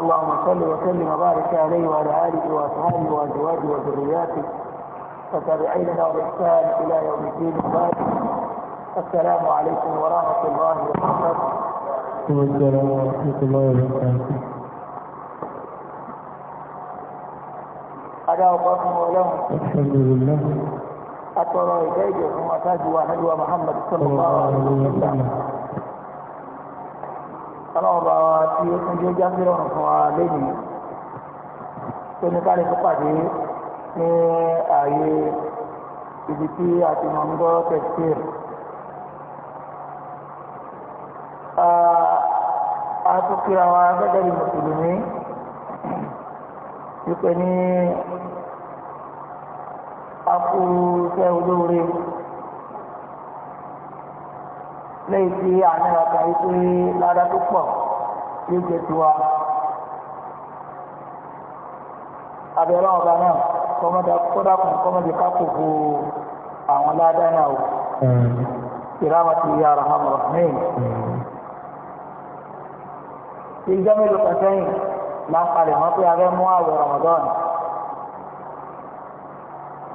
اللهم صل وسلم وبارك عليه وعلى اله واصحابه وازواجه وذرياته وتابعينا باحسان الى يوم الدين وبعد السلام عليكم ورحمه الله وبركاته. السلام ورحمه الله وبركاته. هذا أقسم ولهم. الحمد لله أترى إليك ثم تاج واحد ومحمد صلى الله عليه وسلم ọlọ́run bá wa tí ó tún jẹ́ jáde ọ̀rùn fún wa lẹ́yìn tó ní káàdì tó pàdé ní ààyè ibi tí a ti mọ̀ ń gbọ́ tẹ̀síìrì. a tún kíra wa gẹ́gẹ́ bí mùsùlùmí wípé ní a iṣẹ́ olóore lẹ́yìn tí àná ọkà yìí pé lára tó pọ̀ yóò jẹ tiwa. abẹ́rẹ́ ọba náà kọ́mọ́dé kódàkùn kọ́mọ́dé kákòókò àwọn ládàá náà o. ìrámọ̀tì yàrá hàmọ̀ mẹ́yìn. ìjọ mélòó kan sẹ́yìn là ń palẹ̀ mọ́ pé abẹ́ mú àwẹ̀ Ramadan.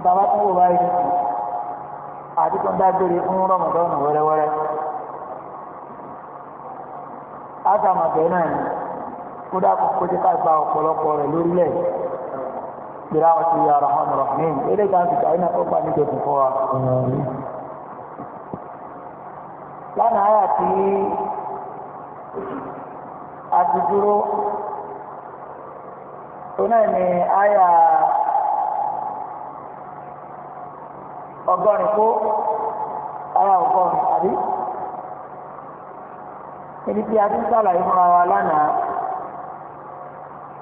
bàbá tó wò báyìí àti tó ń dá gbére fún Ramadan wẹ́rẹ́wẹ́rẹ́ ágàmà bẹ́ẹ̀ náà ni kódà kò kó jẹ́ ká gba ọ̀pọ̀lọpọ̀ rẹ̀ lórílẹ̀ gbèrè àwọn ti yàrá hàn rọ̀ ní ilé ìgbà àti ìgbà tó gbà níjọ tó fọ́ wa. lánàá àyà tí a ti dúró tó náà ni àyà ọgọ́rin kó àyà ọgọ́rin àbí ebi tí a ti ń sàlàyé fúnra wa lánàá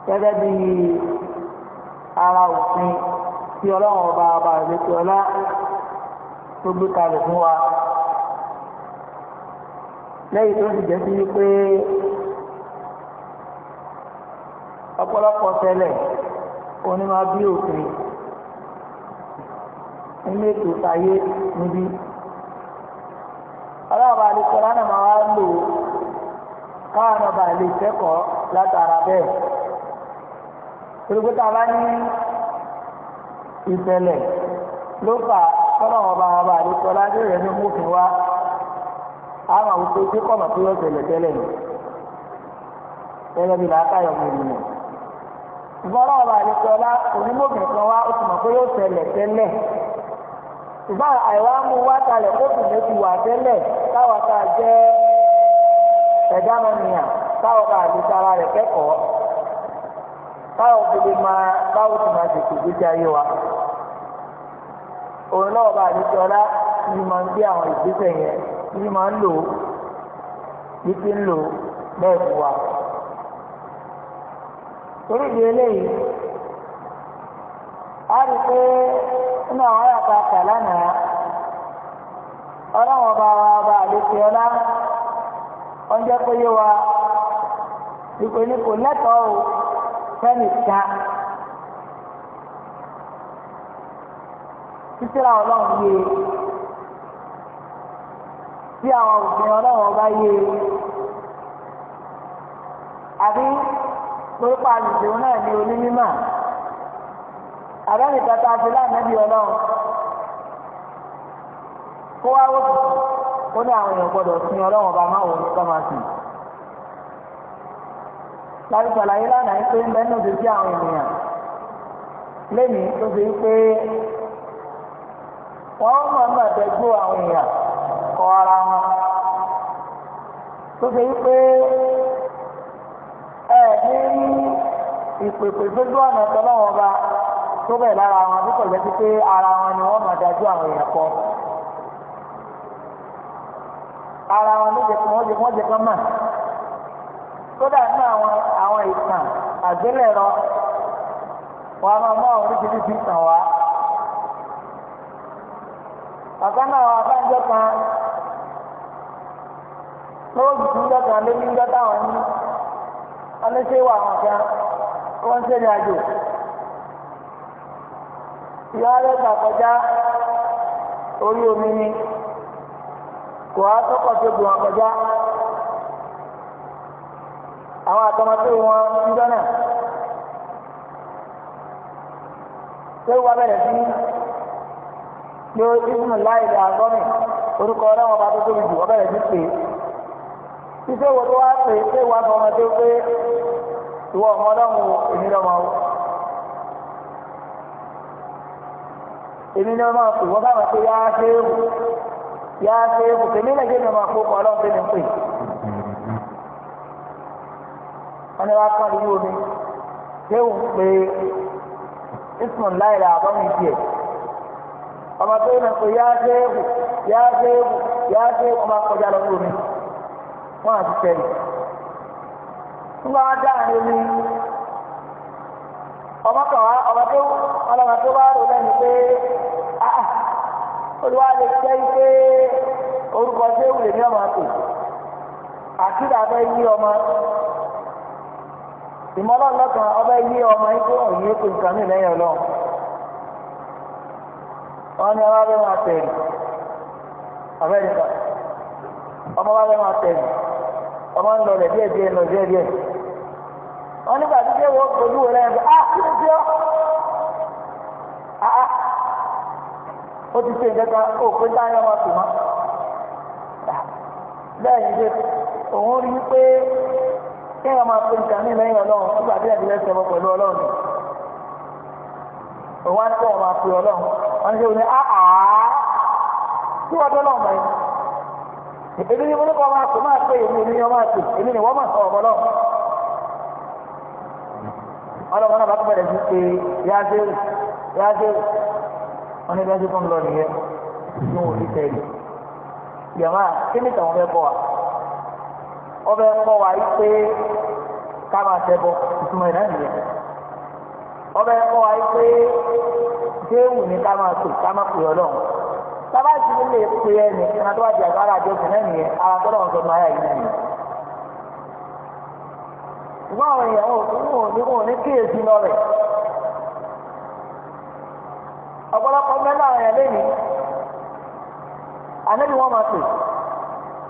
gẹ́gẹ́ bí ara òfin tí ọlọ́run ọba ọba ìrètí ọlá tó gbé kalẹ̀ fún wa lẹ́yìn tó ti jẹ́ sí wípé ọ̀pọ̀lọpọ̀ tẹ́lẹ̀ onímọ̀ bí òfin nínú ètò ìtayé níbí ọlọ́run ọba àdìsọ́lá náà máa wá lò ó. káwọn ọba lè kẹ́kọ̀ọ́ látara bẹ́ẹ̀ torípótà bá ní ìṣẹ̀lẹ̀ ló fà kọ́nà ọba ọba àdìsọ lájọ́ rẹ̀ ní mọ́fin wá àwọn àwùjọ tí kọ̀mọ̀ tó yọ ṣẹlẹ̀ tẹ́lẹ̀ ni tẹ́lẹ̀ bí làákàyọ̀ mi nìyẹn ìfọ́nà ọba àdìsọ ọlá onímọ̀fin kan wá ó ti mọ̀ pé yóò tẹ́lẹ̀ àìwá mú wá ẹ̀dá náà nìyà táwọn bá lè tara rẹ̀ kẹ́kọ̀ọ́ táwọn fi máa táwọn sì máa tètè gbéjà ayé wa òun náà bá lè tọ́lá ní máa ń gbé àwọn ìgbésẹ̀ yẹn ní máa ń lò ó ní ti ń lò ó bẹ́ẹ̀ torí ìdí eléyìí a rí pé nínú àwọn wọ́n jẹ́ pé yé wa ìpè ní kò lẹ́tọ̀ọ́ o fẹ́mi ta títíra ọlọ́run yé tí àwọn òfin ọlọ́run bá yé àbí pípa àlùjò náà ní onímọ̀ àbẹ́nìkan tá a fi láàmú ẹbí ọlọ́run kó wá wọ́pọ̀ ó ní àwọn èèyàn gbọ́dọ̀ sin ọlọ́wọ́n bá máa wọ ní kọ́másì. láti ṣàlàyé lánàá yìí pé ń bẹ́ẹ̀ náà ti sí àwọn ènìyàn lẹ́nu tó ṣe ń pé wọ́n máa ń bàtẹ́ gbó àwọn èèyàn kọ ara wọn tó ṣe ń pé ẹ ní ìpèpè sójú ọ̀nà tọ́lọ́wọ́n bá tó bẹ̀ lára wọn bí kò jẹ́ pé ara wọn ni wọ́n máa dájú àwọn èèyàn kọ́ ara wọn ló jẹ kí wọ́n jẹ kí wọ́n jẹ kán mà kódà ní àwọn àwọn ìtàn àgbélẹ̀rọ wọn a máa mú àwọn oríṣiríṣi ìtàn wá ọ̀kan náà wọn abájọ kan lọ́wọ́ tuntun dọ́tà lórí dọ́tà wọn ní ọlọ́sẹ̀ wà wọn kan kó ń sẹ́yìn àjò ìyá rẹ̀ gbà kọjá orí omi ni kò á tọ́kọ̀ tó gbìmọ̀ kọjá àwọn àtọmọtò wọn ń dọ́nà tó wà bẹ̀rẹ̀ sí pé ìfúnnù láì lè àgọ́mì orúkọ ọlọ́wọ́ bá tó tóbi jù wọ́n bẹ̀rẹ̀ sí pé títí wo tó wá pé pé wà fọmọ tó pé ìwọ ọmọ ọlọ́run èmi lọ́mọ o èmi lọ́mọ pé wọ́n bá wà pé yá á ṣe é wò yà á ṣe kò tèmi lè jẹ́ mi máa kó ọlọ́run tó ní pè. wọ́n ní wá kán lórí omi déhùn pé ismun láìra àbọ̀mí tiẹ̀ ọmọ tó yẹ kó yà á ṣe kù yà á ṣe kù yà á ṣe kù ọmọ akọjá lọ sí omi wọ́n àti tẹ̀lé. nígbà wọn dáhùn ní omi ọmọ kan wá ọmọ tó ọlọ́mọ tó bá rò lẹ́nu pé áà. Ah, ah, olùwà lè jẹ́ pé orúkọ sẹ́wù lè ní ọmọ àpè àkìdá fẹ́ yí ọmọ ìmọ̀lọ́ lọ́kàn ọbẹ̀ yí ọmọ yín pé òun yé lẹ́yìn ọlọ́run wọn ni ọba bẹ́ẹ̀ máa tẹ̀lé ọbẹ̀ ọmọ bá tẹ̀lé ọmọ ń lọlẹ̀ díẹ̀ díẹ̀ lọ ó ti ṣe ìdẹ́ka òpé dáná máa tò mọ́ lẹ́yìn ṣe òun rí pé kí ẹ máa pe nǹkan ní lẹ́yìn ọlọ́run nígbà tí ẹ̀dí lẹ́sẹ̀ bọ̀ pẹ̀lú ọlọ́run òun á ní kọ́ máa pe ọlọ́run wọ́n ṣe òun áà tí wọ́n tó lọ́wọ́ báyìí èmi ni mo ní kọ́ máa pè máa pè èmi ni wọ́n máa pè èmi ni wọ́n máa sọ ọ̀bọ̀ lọ́wọ́ ọlọ́run náà bá tó bẹ̀rẹ̀ sí pé yáá wọn ní dájú tó ń lọ nìyẹn tí wọn ò ní tẹ̀lé yàrá kí ni tàwọn fẹ́ bọ̀ wá wọn fẹ́ bọ̀ wá yìí pé ká máa tẹ bọ ìtumọ̀ ìná nìyẹn wọn fẹ́ bọ̀ wá yìí pé déwù ni ká máa pè ká máa pè ọlọ́run sábà tí mo lè pè ẹ ní ẹnà tó wà di àgbára àjọsìn náà nìyẹn ara tó lọ́wọ́ sọ́dún ayé yìí nìyẹn ṣùgbọ́n àwọn èèyàn ò ní kíyèsí lọ́rẹ̀ ọ̀pọ̀lọpọ̀ mẹ́lá àyàn lẹ́yìn ànẹ́bí wọ́n máa pè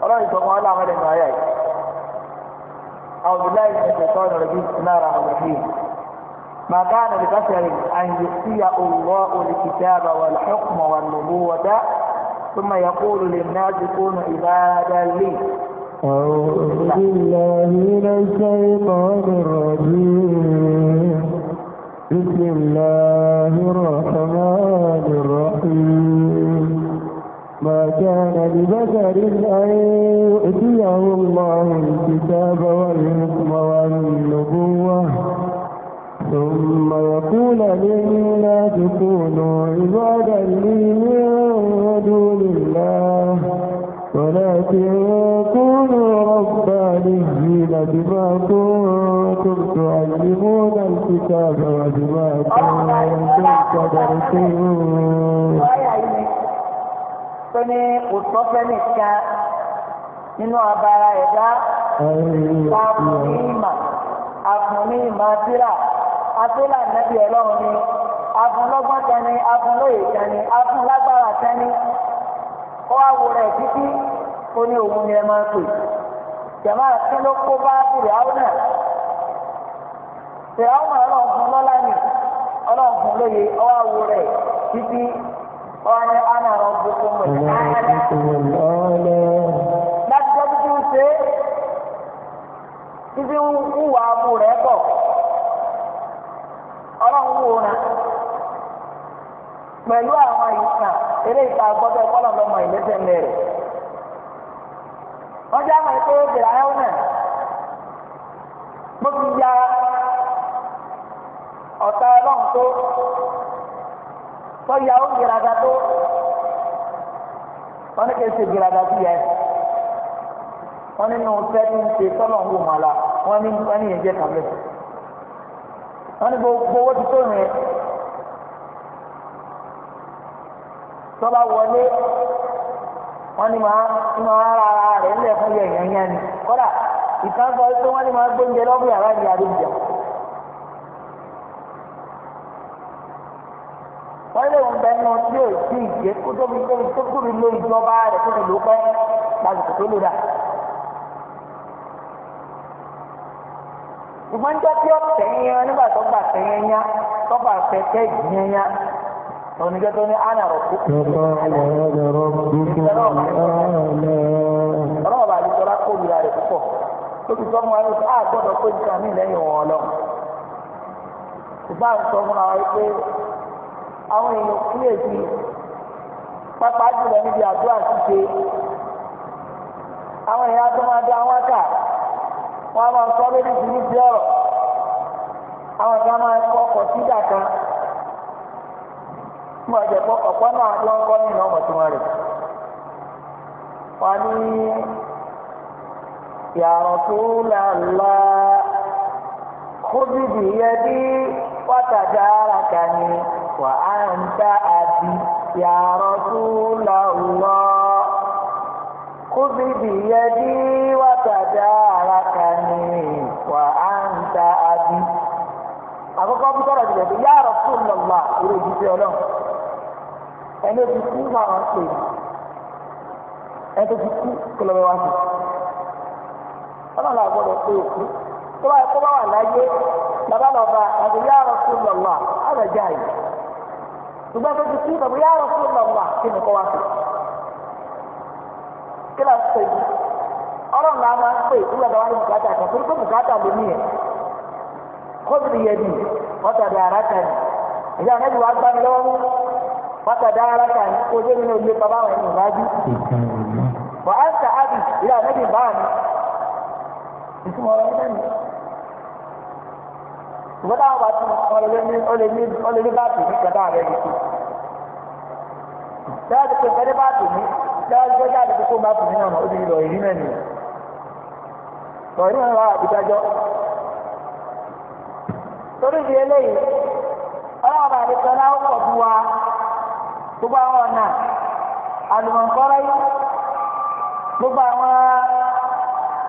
ọlọ́run ìtọ́kùn ọlá àwọn ẹ̀dẹ̀gbọ̀n ayà yìí àwọn ìlú láì ṣẹ̀ṣẹ̀ tọ́ ìrọ̀lẹ́ bí náírà àwọn ẹ̀dẹ̀ yìí ما كان لبشر أن يؤتي الله الكتاب والحكم والنبوة ثم يقول للناس كونوا عبادا لي أعوذ بالله من الشيطان الرجيم بسم الله الرحمن الرحيم ما كان لبشر أن يؤتيه الله الكتاب والحكم والنبوة ثم يقول للناس كونوا عبادا لي من دون الله ولكن كونوا ربانيين بما كنتم تعلمون الكتاب وبما كنتم تدرسون tó ní òtọ́fẹ́ nìkan nínú abara ẹ̀dá afúníìmà afúníìmà síra afúnlá nàbí ọlọ́run ni afúnlọ́gbọ́n kan ni afúnlóye kan ni afúnlágbára kan ni ó wá wo rẹ̀ títí ó ní òun ni ẹ máa pè jàmáà kí ló kó bá bìrì àwọn náà fìràwọn ọlọ́ọ̀gùn lọ́lá ni ọlọ́ọ̀gùn lóye ọwọ́ àwọ̀ rẹ̀ títí ọ̀rẹ́ àná ọ̀gbọ̀n tó mọ̀ ní láti tọ́jú tí ń ṣe títí ń wà àbú rẹ̀ bọ̀ ọlọ́run wò rán pẹ̀lú àwọn ìsàn eré ìta gbọ́dọ̀ kọ́lọ̀ lọ́mọ ìlẹ́sẹ̀ mẹ́rẹ̀ wọ́n já mọ̀ pé fìràwọn náà gbọ́dọ̀ yára ọ̀tá ọlọ́run tó tọ́yà ó gbéraga tó wọ́n ní kí n ṣe gbéraga sí yẹn wọ́n nínú sẹ́ni ń ṣe tọ́lọ̀ ń wò mọ́ la wọ́n ní wọ́n ní yẹn jẹ́ kàmẹ́ wọ́n ní gbogbo owó ti tó yẹn tọ́ba wọlé wọ́n ní máa ń máa ra ara rẹ̀ ńlẹ̀ fún yẹn yẹn ni kọ́dà ìtàn sọ pé wọ́n ní máa gbóúnjẹ lọ́bù yàrá ìyá àdébìyàn. tí ìyẹ kó tóbi tóbi tó tóbi lé ìjọba rẹ̀ tó ti lò pẹ́ lásìkò tó lò dà. ṣùgbọ́n jẹ́ kí ọ̀tẹ̀ yẹn nígbà tó gbà tẹ̀ yẹn yá tó gbà tẹ̀ tẹ̀ yẹn yá oníjẹ́ tó ní ánà rọ̀ kú. ọlọ́wọ́ bá yí sọ́ra kó lura rẹ̀ púpọ̀ ó ti sọ́mu ayé a gbọ́dọ̀ pé nǹkan mí lẹ́yìn wọn lọ. ṣùgbọ́n àwọn sọ́mu àwọn ẹgbẹ́ àwọn èèyàn kíyèsí pápá jùlọ níbi àdúrà ṣíṣe àwọn èèyàn tó máa dá wọn kà wọn máa sọ lórí ìṣiríṣi ọ̀rọ̀ àwọn kan máa kọ ọkọ sídà kan tí wọn jẹ pọ ọ̀pọ̀ náà kọ nínú ọmọ tí wọn rè wọn ní yàrá tó ara ka wà á ń dá àbí. يا رسول الله خذ بيدي وتداركني وأنت أبي àkọ́kọ́ bí sọ̀rọ̀ ìdílé yá rọ̀sùn lọ́la ìró ìdíje ọlọ́run ẹni ojú kú máa ń pè é ẹni tó ti kú kó lọ́wọ́ wá sí ọlọ́run la gbọ́dọ̀ pé òkú tó bá yẹ ṣùgbọ́n tó ti kí bàbá yà rọ̀ fún lọ́wọ́ kí ni kọ́ wá sí. kí ló ń pè yí ọlọ́run náà máa ń pè nígbà tó wá ní bùkátà kan torí pé bùkátà ló ní yẹn kóòtù yẹn ni ọ̀tà dà ara kan ní ìyá ọ̀nẹ́bí wa gbá mi lọ́wọ́ mú ọ̀tà dà ara kan ní ojú mi ní bàbá wọn ní ìwájú. wà á ń ta ábì ìyá ọ̀nẹ́bí bá mi ìtumọ̀ ọ̀rọ̀ ìgbọ́dá wà tí ọlẹ́lẹ́ báàtì ní kẹta rẹ̀ yìí tó lẹ́yìn tó kẹta báàtì ní tó jáde tó kó báàtì ìrí àbújájọ́ torí eléyìí náà ó pọ̀ wa gbogbo àwọn ọ̀nà gbogbo àwọn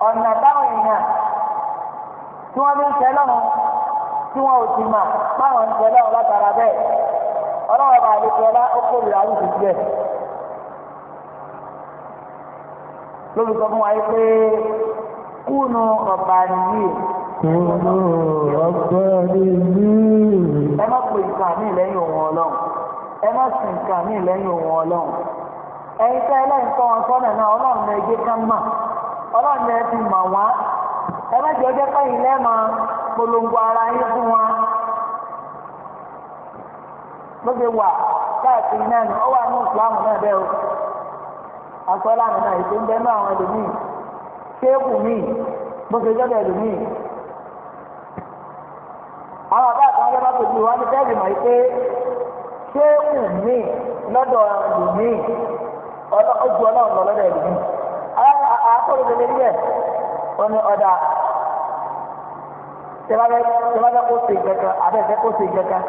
ọ̀nà táwọn èèyàn tí wọ́n fi ń tí wọn ò ti mà báwọn ń tẹ̀lé ọ̀la tara bẹ́ẹ̀ ọlọ́wọ́ bá lè tẹ̀lé ó kó ìlà àrùn tuntun ẹ̀. lórí sọ fún wa yìí pé kúnnù ọ̀bà nìyí. kúnnù ọ̀bà nìyí. ẹ má pè nǹkan mi lẹ́yìn òun ọlọ́run ẹ má sì nǹkan mi lẹ́yìn òun ọlọ́run ẹ̀yin tẹ́ ẹlẹ́yìn tọ́ wọn sọ́nà náà ọlọ́run lè gé ká mà ọlọ́run lè fi mà wá ẹ má jẹ́ ọjọ́ pẹ́yìn lẹ́ẹ̀ polongo ara yín fún wa ló fi wà káàkiri náà ni ó wà ní ìsìlámù náà bẹ́ẹ̀ o àsọ́lá mi náà ètò ń bẹ́ẹ̀ náà àwọn ẹlòmíì kéèkù míì bó ṣe ẹlòmíì àwọn àbá àtàwọn ọlọ́pàá tó ju wa ní tẹ́lẹ̀ mọ̀ pé kéèkù míì lọ́dọ̀ ẹlòmíì ojú ọlọ́run lọ lọ́dọ̀ ẹlòmíì àkọ́rọ̀ tẹ̀lé níbẹ̀ ó ní ọ̀dà tẹ́lábẹ́ tẹ́lábẹ́ kó se kankan abẹ́fẹ́ kó se kankan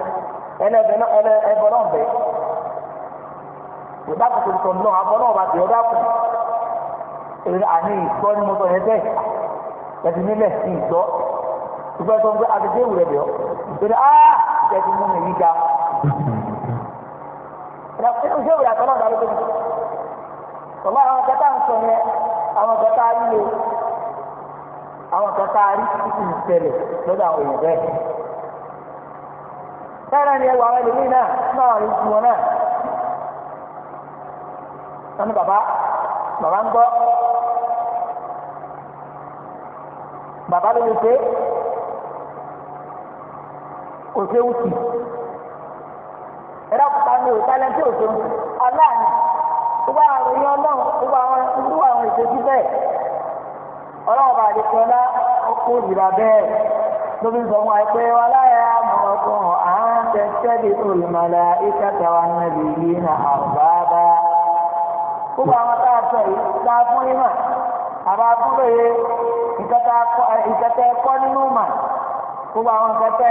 ẹlẹ́bẹ̀ náà ẹlẹ́ ẹbọ náà bẹ̀ ìbá kòtò tó nù abọ́ náà bàtì ọ̀dọ́ àpò èrè àní ìgbọ́ ni mo sọ yẹn bẹ́ẹ̀ ẹ̀dì nílẹ̀ sí ìgbọ́ ìgbọ́ tó ń gbé agbègbè ìwúrẹ́ bẹ̀ ọ́ ìgbẹ́ni á ìjẹ́bi mú mi yí ga ìṣe ìwúrẹ́ àtọ́nà dàbí tó ń sọ àwọn kan tá a rí títí ń ṣẹlẹ̀ lọ́dọ̀ àwọn èèyàn bẹ́ẹ̀. sára ni ẹwà àwọn ẹlòmíì náà náà wà lóṣù wọn náà. wọ́n bàbá bàbá ń gbọ́ bàbá ló lè ṣe kò ṣe é wùtì ẹ̀rọ kúta ní òòtá lẹ́ńtì òṣèlú aláàánú gbogbo àwọn ìròyìn ọlọ́run gbogbo àwọn ìṣèjú bẹ́ẹ̀. ọlọ́ọ̀bà àdìsọ́lá ó kó ìrà bẹ́ẹ̀ lóbi sọ wọn pé wọn láyà mọ̀ọ́kùn à tẹ́tẹ́ bí olùmọ̀lá ìkẹta wa ń rí yìí ní gbogbo àwọn tá a fún nínú gbogbo àwọn kẹtẹ́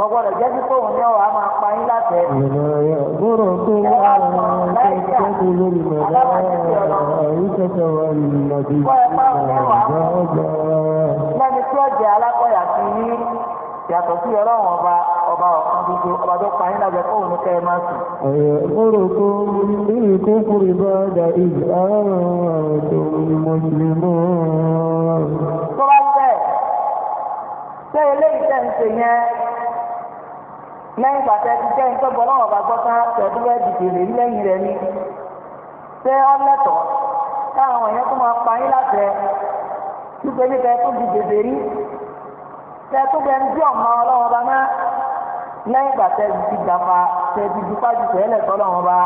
kọ̀gbọ́dọ̀ jẹ́ sí pé òun ní ọ̀rọ̀ a máa pa yín láti ẹ̀. Gbọ́dọ̀ tó wà kẹ́kọ̀ọ́ lórí mẹ̀lá ìṣẹ̀ṣẹ̀ wà lòdì lẹ́ni tí ó jẹ́ alákọ̀yà sí yín yàtọ̀ sí ọlọ́run ọba ọba ọ̀kan tuntun ọba tó pa yín lábẹ́ fóònù kẹ́ ẹ máa sùn. Gbọ́dọ̀ tó ní kókòrò bá dà ìlú àwọn ọ̀dọ́ mọ̀jìlímọ́. Tó bá fẹ́ ṣé eléyìí tẹ̀ ń ṣe yẹn lẹ́yìn pàtẹ́ ti jẹ́ nítorí bọ́ lọ́wọ́ bá gbọ́ tán tẹ̀dú ẹ̀ dìde rè ní lẹ́yìn rẹ̀ ni ṣé ọlẹ́tọ̀ káwọn èèyàn tó máa pa yín láti ẹ̀ dúpẹ́ ní kẹ́ tó dìde rè rí tẹ́ tó bẹ́ẹ̀ ń dí ọ̀mọ ọlọ́wọ́ bá náà lẹ́yìn pàtẹ́ ti gbàfà tẹ́ ti dupá ju tẹ́lẹ̀ tọ́lọ́wọ́ bá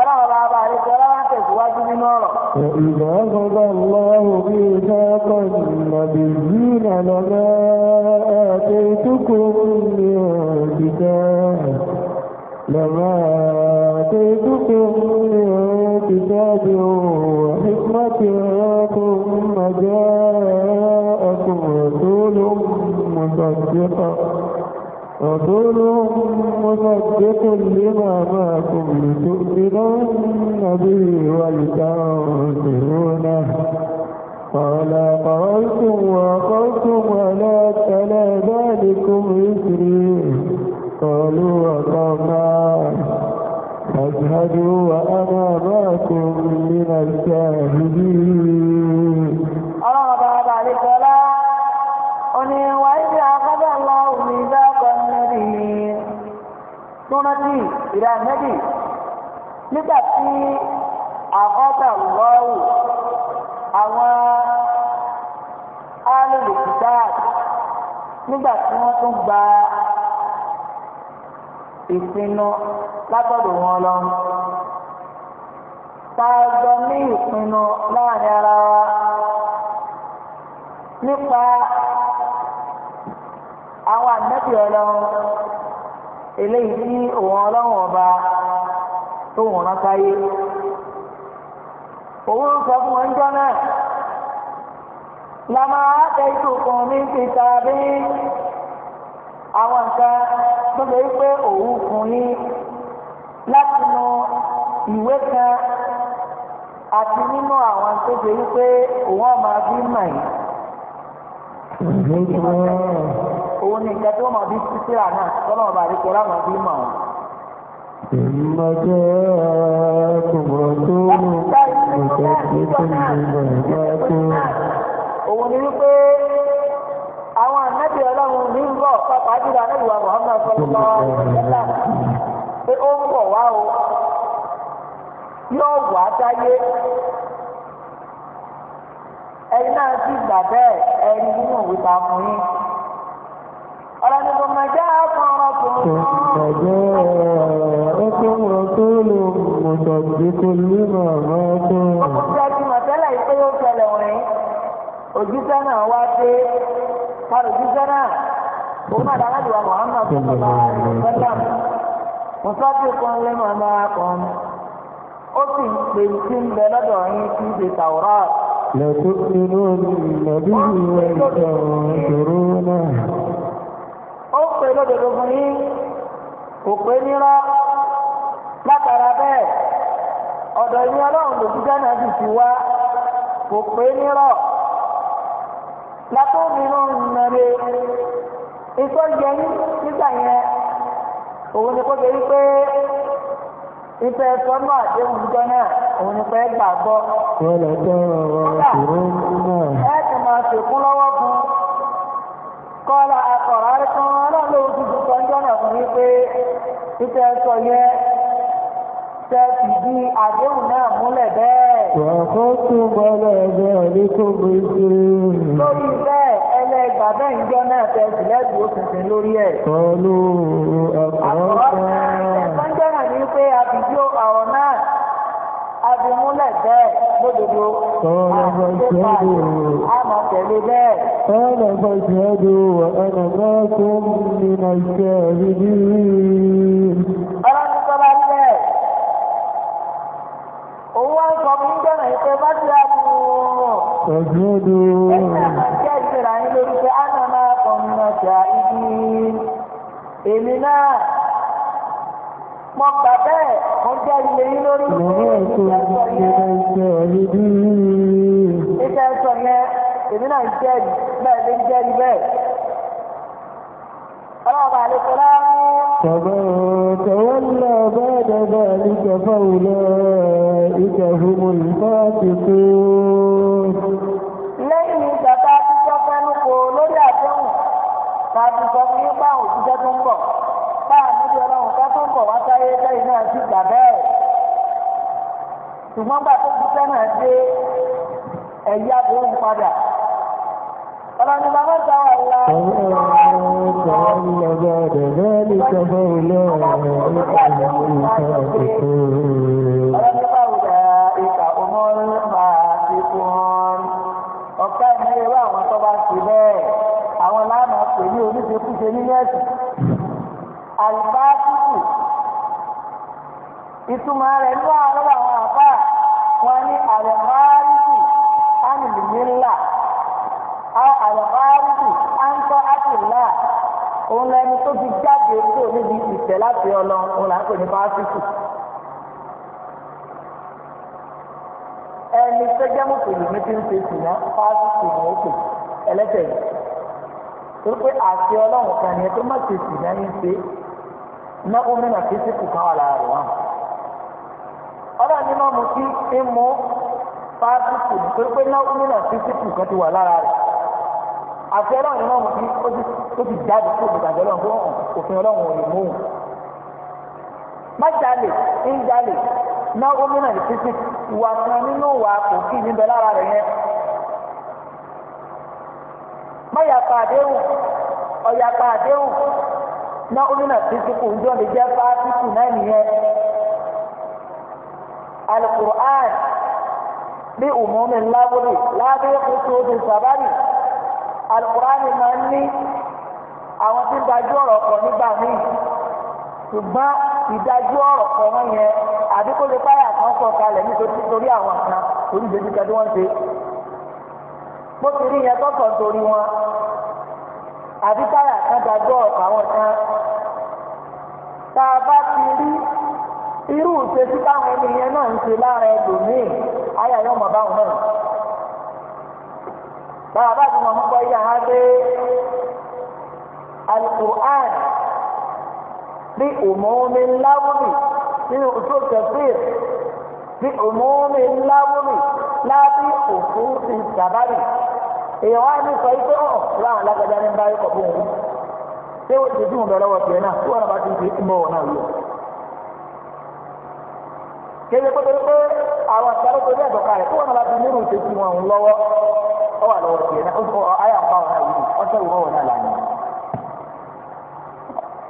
ọlọ́run bá bá rí sọ́lá wá tẹ̀síwájú nínú ọ̀rọ̀. ìgbà ọgbọ́n lọ́wọ́ bí ìdáàkọ̀ ìnàbí yìí nà lọ́lá àti ìtúkù ní òjìká lọ́mọ àti ìtúkù ní òjìká bí òwò nípàtí ọkùn màjá ọkùn tó ló mọ̀ sàkíkà. رسول مصدق لما معكم لتؤمنن به ولتنصرونه قال قررتم وأقرتم على على ذلكم إثري قالوا وقرنا فاشهدوا وأنا معكم من الشاهدين ummati ìrẹ ànẹ́bì nígbà tí àbọ́dà lọ́wọ́ àwọn alòlùkítà nígbà tí wọ́n tún gba ìpinnu látọ̀dọ̀ wọn lọ tààjọ ní ìpinnu láàrin ara wa nípa àwọn ànẹ́bì ọlọ́run. eléyìí tí òun ọlọ́run ọba tó wọ̀n sáyé òun ń sọ fún ọjọ́ náà la máa tẹ́jú kan ní títa bí àwọn nǹkan tó lè pé òun fún yín láti nu ìwé kan àti nínú àwọn tó wípé òun ọmọ yìí. òun ni nǹkan tí wọ́n máa bí sísíra náà tọ́lọ́ ọba àdìpọ̀ láwọn bí mọ̀ wọn. Ìmọ̀jẹ́ kòmọ̀ tó lò ìjẹ́ tí ó ń bọ̀ ìgbà tó. Òun ni wípé àwọn ànábì ọlọ́run ní ń bọ̀ pàápàá jùlọ ànábì wa Muhammad pé ó ń bọ̀ wá o yóò wá dáyé ẹ̀yin náà ti gbà bẹ́ẹ̀ ẹ̀yin nínú ìwé ta fún yín. فجاءكم رسول مصدق لما معكم òjíṣẹ́ náà wá dé kárí òjíṣẹ́ náà òun náà dáná ìwà Muhammad sọlá ìfẹlẹm mùsàbí kan lé màmá kan ó sì ń pè sí ń bẹ lọ́dọ̀ yín kí ibi lẹ́tọ́ inú nàbí ìwé ìjọba tó pè lódodo fún yín kò pé nírọ́ látara bẹ́ẹ̀ ọ̀dọ̀ ìní ọlọ́run lòdìjẹ́ náà sì ti wá kò pé nírọ́ látọ́bìnú nàre ikọ́ yẹyìn nígbà yẹn òun ni kó torí pé ìfẹ́ ẹ̀fọ́ náà déhùn jọ náà òun ni pé gbàgbọ́. wọ́n lọ tẹ́ ọ̀rọ̀ ṣòro náà. ẹ ti máa ṣèkú lọ́wọ́ fún un kọ́lá akọ̀rọ̀ arẹ́kan aláàlóhun tuntun kan jọ́nà fún mi pé títẹ́ sọ yẹ tẹ́ fi bí àdéhùn náà múlẹ̀ bẹ́ẹ̀. Wàkọ́ tó bọ́lá ẹgbẹ́ àlékò gbèsè. Lórí bẹ́ẹ̀ ẹlẹ́gbà bẹ́ẹ̀ ń jọ náà tẹ́ sì lẹ́bù ó tuntun lórí ẹ̀. Kọ́lù akọ̀rọ̀ kan. Ẹ̀kan jọ́nà pé àbíjú ọ̀rọ̀ náà àbímúlẹ̀ bẹ́ẹ̀ sódodo. Ọ̀rọ̀ ọ̀gbà ìṣẹ́dù. Àmọ̀ tẹ̀lé bẹ́ẹ̀. Ọ̀rọ̀ ọ̀gbà ìṣẹ́dù ọ̀nà náà tó ń nínú iṣẹ́ rí ní. Ọlọ́run tó bá mo gbà bẹ́ẹ̀ mo jẹ́ ilé yín lórí. lọ́wọ́ ètò ìjọba iṣẹ́ ọ̀rẹ́ bí. iṣẹ́ sọ yẹn èmi náà ń jẹ́rìí bẹ́ẹ̀ ló ń jẹ́rìí bẹ́ẹ̀. ọlọ́ọ̀bà àlejò lára. Fàmà tẹ̀wọ́lá bẹ́ẹ̀ ذلك فأولئك هم الفاسقون. Lẹ́yìn ìgbà tá a ti sọ fẹ́nu kò lórí àdéhùn, tá a ti sọ fún yín báwọn òṣìṣẹ́ tó ń bọ̀ bọ̀ wá sáyé lẹ́yìn náà sì gbà bẹ́ẹ̀ ṣùgbọ́n gbà tó ti sẹ́nà dé ẹ̀yà tó ń padà ọlọ́ni bàbá sáwà ńlá. ọlọ́ni bàbá ìkà ọmọ ọlọ́mà ti fún wọn ọ̀ká ìmọ̀lẹ́wọ́ àwọn tó bá ti bẹ́ẹ̀ àwọn lánàá pè ní oníṣekúṣe ẹ̀sìn àlùbáàkì ìtumọ̀ rẹ̀ ní àárọ̀ àwọn àbá wọn ní àlẹ́fáàrìsì ánìlìmílà àlẹ́fáàrìsì áńtọ́ àtìlá òun lẹni tó ti jáde kúrò níbi ìtẹ̀ láti ọlọ òun là ń pè ní fáfíìsì. ẹni tó jẹ́ mùsùlùmí ní ti ń ṣe sùn náà fáfíìsì ní òkè ẹlẹ́tẹ̀ yìí torí pé àti ọlọ́run kan ni ẹ tó má ṣe sùn náà ń ṣe náà ó mìíràn kí sípò kan wà ti mú pásítù nítorí pé náà nínà kan ti wà lára rẹ̀ àti ọlọ́run ní mọ́mù ó ti jáde tó ti gbàgbé ọlọ́run fún òfin ọlọ́run òye mú un. má jalè ń jalè náà ó nínà ìwà kan nínú ìwà kò kí lára yẹn. القرآن بأموم اللغو لا بخصوص السبب القرآن ماني ní àwọn tí ń dájú ọ̀rọ̀ kan nígbà míì ṣùgbọ́n ìdájú ọ̀rọ̀ kan wọ́n yẹn àbí kó lè páyà kan sọ kalẹ̀ nítorí àwọn kan oríṣiríṣi kan tí wọ́n ṣe bó ti rí yẹn tọ́sọ̀ torí wọn àbí páyà kan dájú ọ̀rọ̀ àwọn kan tá a bá ti rí irú ìṣe tí táwọn ẹni yẹn náà ń ṣe lára ẹlòmíì ayé àyọ̀ mọ̀ báwọn náà. báwa bá ti wọn kọ́ yíyá hàn pé alukur'an bí òmùmí láwùmí nínú òṣù kẹfìr bí òmùmí láwùmí lábí òkú ti sàbárì èèyàn wá ní sọ pé ọ̀ láwọn alágbàdá ní báyìí kọ̀ fún ṣé wọ́n ti dùn lọ́wọ́ tiẹ̀ náà wọ́n náà bá ti fi mọ́ ọ̀ náà yọ kéde pé pé pé àwọn àtàwọn tó ní ẹ̀dọ̀ka rẹ̀ kó wọn láti nínú ìṣèjì wọn ń lọ́wọ́ ọ wà lọ́wọ́ tiẹ̀ náà ó sọ ayé àbá wọn náà yìí wọ́n tẹ̀wé wọn náà lànà.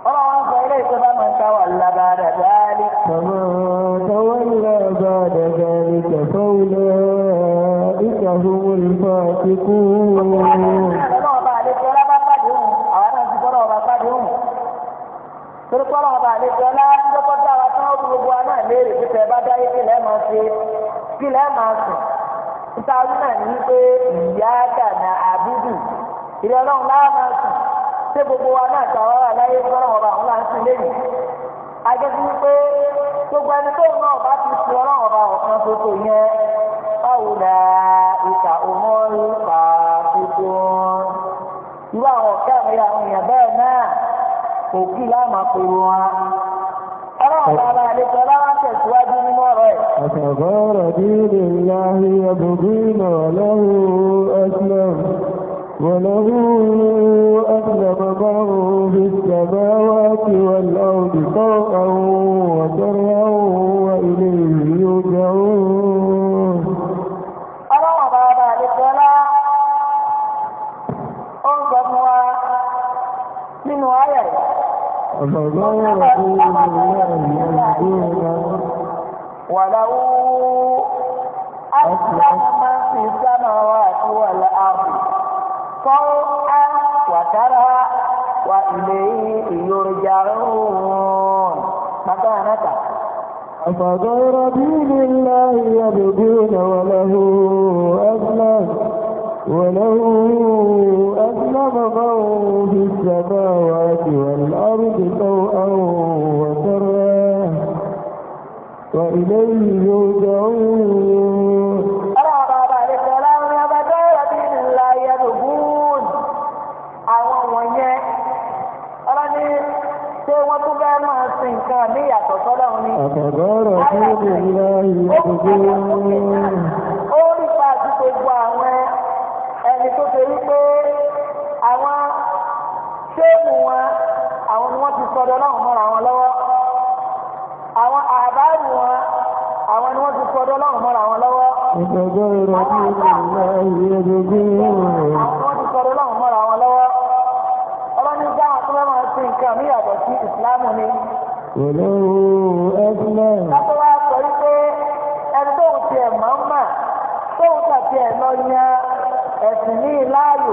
wọ́n máa ń sọ ilé ìjọba máa ń ta wà lábàdà dáálí. kàmá tọwọ́ ilé ọba dàgbà ní kẹfọ́ ilé ìkà fún olùkọ́ àti kú. ọ̀pọ̀ àti ọ̀pọ̀ àlejò ọlá bá pàdé torí pé ọlọ́run bá lè jọ lọ́kọ́ dá wa tí wọ́n gbogbo wa náà léèrè pé bá dáyé kí lẹ́ẹ̀ máa ṣe kí máa sùn níta ọdún ní pé ìyá dànà àbúdù ìrẹ́ ọlọ́run láà máa sùn ṣé gbogbo wa náà tà wá wà láyé gbọ́dọ̀ ọba àwọn là ń sùn léèrè ajẹ́sí pé gbogbo ẹni tó ń náà bá ti sin ọlọ́run ọba ọ̀kan ṣoṣo yẹn báwo la ìkà òmọ́ ń pa á. kò kí láàmà pèrò wọn ọlọ́run bàbá àlejò ọlọ́run tẹ̀síwájú nínú ọ̀rọ̀ ẹ̀. àtàbọ̀rọ̀ dínlé láhí وله أسلم معه في السماوات والأرض طوعا وكرها ولو أسلم من في السماوات والأرض طوعا وكرها وإليه يرجعون مكانك أفغير دين الله يبدون وله أسلم وله وقضوا في السماوات والأرض طوءا وسرا وإليه يرجعون Àtàbára fún ìlú láyé ọdún. àwọn ṣéèmù wọn àwọn ni wọ́n ti sọdọ̀ náà mọ́ra wọn lọ́wọ́ àwọn àbáàrù wọn àwọn ni wọ́n ti sọdọ̀ náà mọ́ra wọn lọ́wọ́. ìgbàgbọ́ ìrọ̀lẹ́ ìrọ̀lẹ́ ìrọ̀lẹ́ ìrọ̀lẹ́ nǹkan mi yàtọ̀ sí ìsìlámù ni. Pẹ̀lú ẹgbẹ́. Lọ́pọ̀ wá sọ wípé ẹni tóun ti ẹ̀ máa ń mà tóun tàbí ẹ̀ lọ yan ẹ̀sìn ní láàyò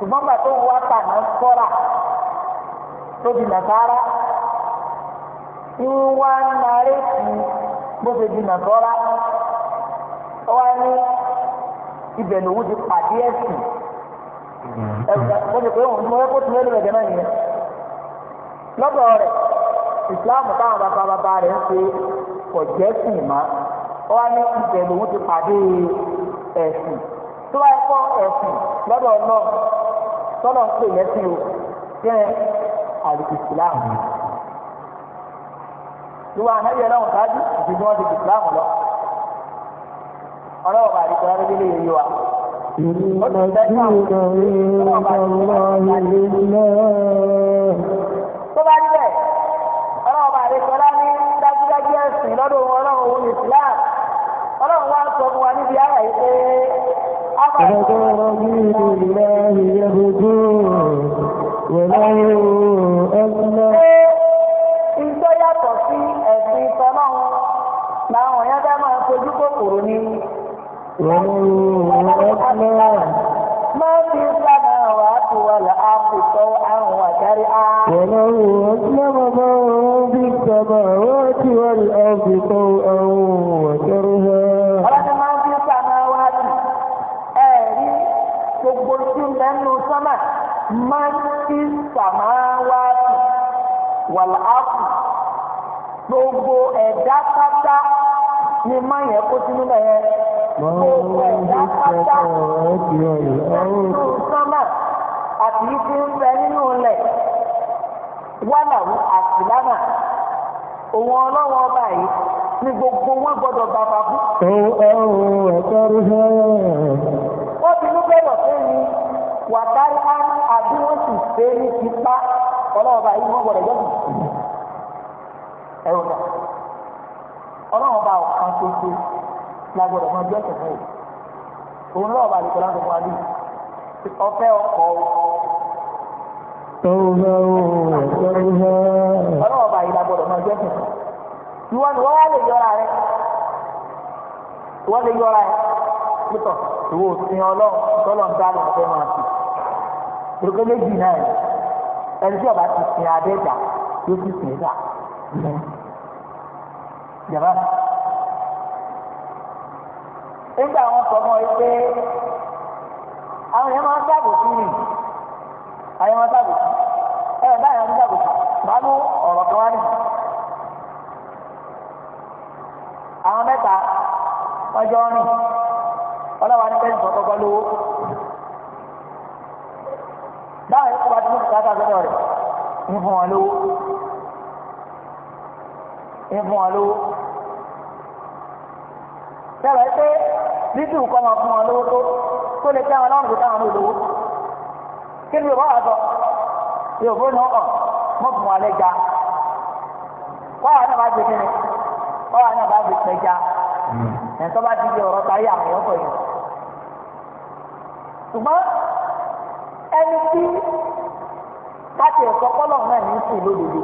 ṣùgbọ́n bàtà òun wá tà náà sọ́ra tóbi nàkárá ń wá nàárẹ̀ sí bó ṣe di nàkọ́ra ọwọ́ ní ibẹ̀ lòun ti pàdé ẹ̀sìn ẹ̀sìn ó ṣe pé òun ẹ́kọ́ tún náà lọ́dọ̀ rẹ̀ ìsìláàmù táwọn bàbá bàbá rẹ̀ ń ṣe ní ibẹ̀ lòun tó bá kọ́ ẹ̀sìn lọ́dọ̀ náà tọ́lọ̀ ń pè lẹ́sìn o jẹ́ àlùkìsìláàmù ìwà ànábì ọlọ́run ṣáájú àti bí wọ́n ti kìsìláàmù lọ ọlọ́run bá àdìsọ́ rẹ̀ délé yìí wa. إن الدين عند الله الإسلام tó bá níbẹ̀ ọlọ́run bá àdìsọ́ lá ní dájúdájú ẹ̀sìn lọ́dọ̀ ọlọ́run òun ìsìláàmù ọlọ́run wá sọ fún wa níbi ayà yìí pé غدا رضيت الله يبدو وله أسمى Ìjọ yàtọ̀ sí ẹ̀sìn ìfẹ́lọ́run láwọn èèyàn bá máa fojú kòkòrò ní. Wọ́n lọ́wọ́ máa fi sábà wà á ti wà láàpù tó àwọn àjárí á. وله أسلم من في السماوات والأرض طوعا وكرها bẹ́ẹ̀nu sọ́mà máa ń fi sàmáwáàtì wàláàpù gbogbo ẹ̀dá pátá ni máa yẹ kó sínú bẹ́ẹ̀ Gbogbo ẹ̀dá pátá nínú sọ́mà báyìí ni gbogbo wọn gbọdọ̀ bàbá fún. Ó ẹ̀rù ẹ̀kọ́ rí hẹ́ẹ̀. Wọ́n ti ní bẹ́ẹ̀ lọ sí wàtárí á àbí wọ́n sì ṣe é ní tipa ọlọ́ọ̀bá yìí wọ́n gbọ́dọ̀ yọ̀bù ẹ̀rọ náà ọlọ́ọ̀bá ọ̀kan ṣoṣo la gbọ́dọ̀ mọ bí ẹ̀sẹ̀ náà òun lọ́ọ̀bá àlùkò láti mọ àlù ọ̀fẹ́ ọkọ̀ ọlọ́ọ̀bá yìí la gbọ́dọ̀ mọ bí ẹ̀sẹ̀ náà ìwọ ni wọ́n wá lè yọra rẹ wọ́n lè yọra rẹ pítọ̀ ìwọ òsìn ọlọ́run tọ́lọ́ ń dá lọ́wọ́ fẹ́ máa sì. gbogbo méjì náà ni ọba ti sin adẹ́jà yóò ti sin ìgbà jàmbá. nígbà wọn sọ fún ọ pé àwọn èèyàn máa ń dáàbò sí mi àwọn èèyàn máa ń dáàbò sí báyìí ń sí ọ̀rọ̀ kan wá báyìí kó bá ti ní bùkátà sọ́dọ̀ rẹ̀ ń fún wọn lówó ń fún wọn lówó sábà pé bíbí nǹkan máa fún wọn lówó tó tó lè kí àwọn ọlọ́run tó táwọn olówó kí ni yorùbá wà sọ yorùbá ní ọkọ mọ́ fún wọn lẹ́jà wáwà náà bá ti kí ni wáwà náà bá ti pẹja hmm. ẹ̀ńtọ́ bá ti di ọ̀rọ̀ táyà àwọn ọkọ̀ yìí ọpọlọ náà ní sìn lódodo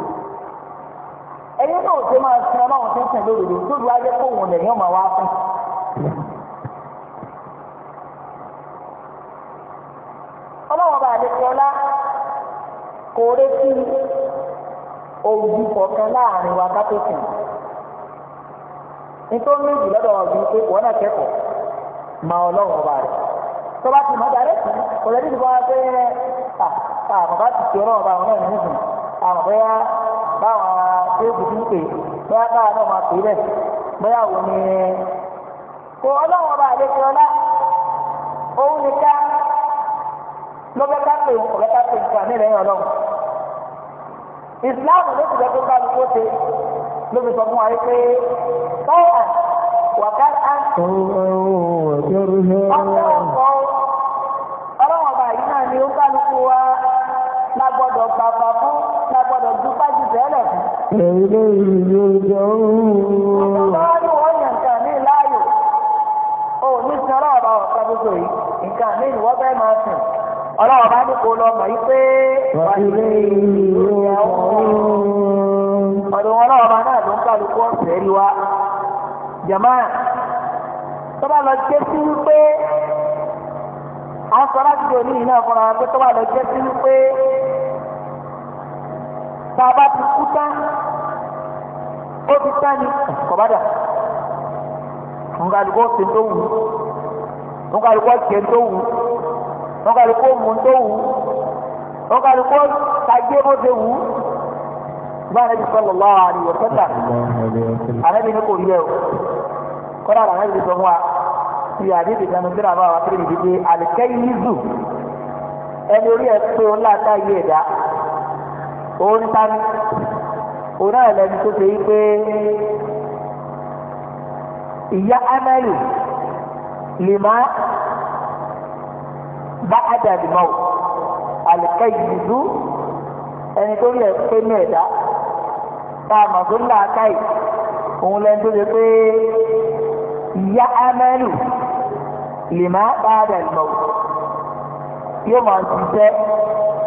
ẹyin náà ṣe máa sin ọlọ́run tó sìn lódodo tó lu ayé kó wọn lẹ́yìn ọmọ wa fún. ọlọ́wọ́n bá àdéhùn ọlá kò retí òògùn kọ̀ọ̀kan láàrin wa ká tó sìn nítorí méjì lọ́dọ̀ ọ̀gbìn pé wọ́n náà kẹ́kọ̀ọ́ máa ọlọ́run ọba rẹ̀ tó bá ti mọ̀ dáre sí kò lẹ́ni ìdìbò wa àmọ̀bá ti ṣe ọlọ́run bá wọn náà nínú àmọ̀bẹ́yà báwọn kéèkù ti ń náà máa pè bẹ́ẹ̀ bẹ́ẹ̀ wò ni kò ọlọ́run ọba àlejò ọlá òun nìkan lọ́bẹ̀ ká pè òun ọ̀bẹ̀ ká pè nǹkan nílẹ̀ yẹn ọlọ́run ìsìláàmù ló ti dẹ́kun bá lóko ṣe ló fi sọ fún wa pé báyà wàkàtà ọ̀pọ̀ ọ̀pọ̀ gbọ́dọ̀ gbàgbà fún la gbọ́dọ̀ dúpá ju tẹ́lẹ̀ fún. èlé ìlú ìjọ ooo. ọlọ́run wọ́n yàn nǹkan ní láàyò o ní sọ́rọ́ ọ̀bà ọ̀sán gbogbo yìí nǹkan ní ìwọ́ bẹ́ẹ̀ máa sùn ọlọ́run bá ní kó lọ mọ̀ yí pé. ilé ìlú ìjọ ooo. ọ̀dọ̀ wọn náà ọba náà ló ń kálukú ọ̀sẹ̀ rí wa jama tó bá lọ jẹ́ sí wípé a sọ láti dòní ìná fúnra pé tó bá lọ jẹ́ sí wípé tá a bá ti kú tán ó ti tán ni kọ̀bádà nǹkan àlùkò ṣe tó wù nǹkan àlùkò ṣe tó wù nǹkan àlùkò mú tó wù nǹkan àlùkò ṣàgbé bó ṣe wù bá a nàbí sallallahu alaihi wa sallam ànábì ní kò rí ẹ o kọ́dà ànábì ní sọ fún wa ti àdébì kan tí nàbà wà kiri nìdíje àlùkẹ́ zù ẹni orí ẹ pé ó ń ẹ̀dá òun ní sáré òun náà lẹni tó ṣe wípé ìyá amẹ́lì lèmá bá àdàdìmọ̀ àlùkẹ́ ìdìdú ẹni tó rí ẹ̀ pé ní ẹ̀dá tá a mọ̀ tó ń là á káyì òun lẹni tó ṣe pé ìyá amẹ́lì lèmá bá àdàdìmọ̀ yóò máa ń ṣiṣẹ́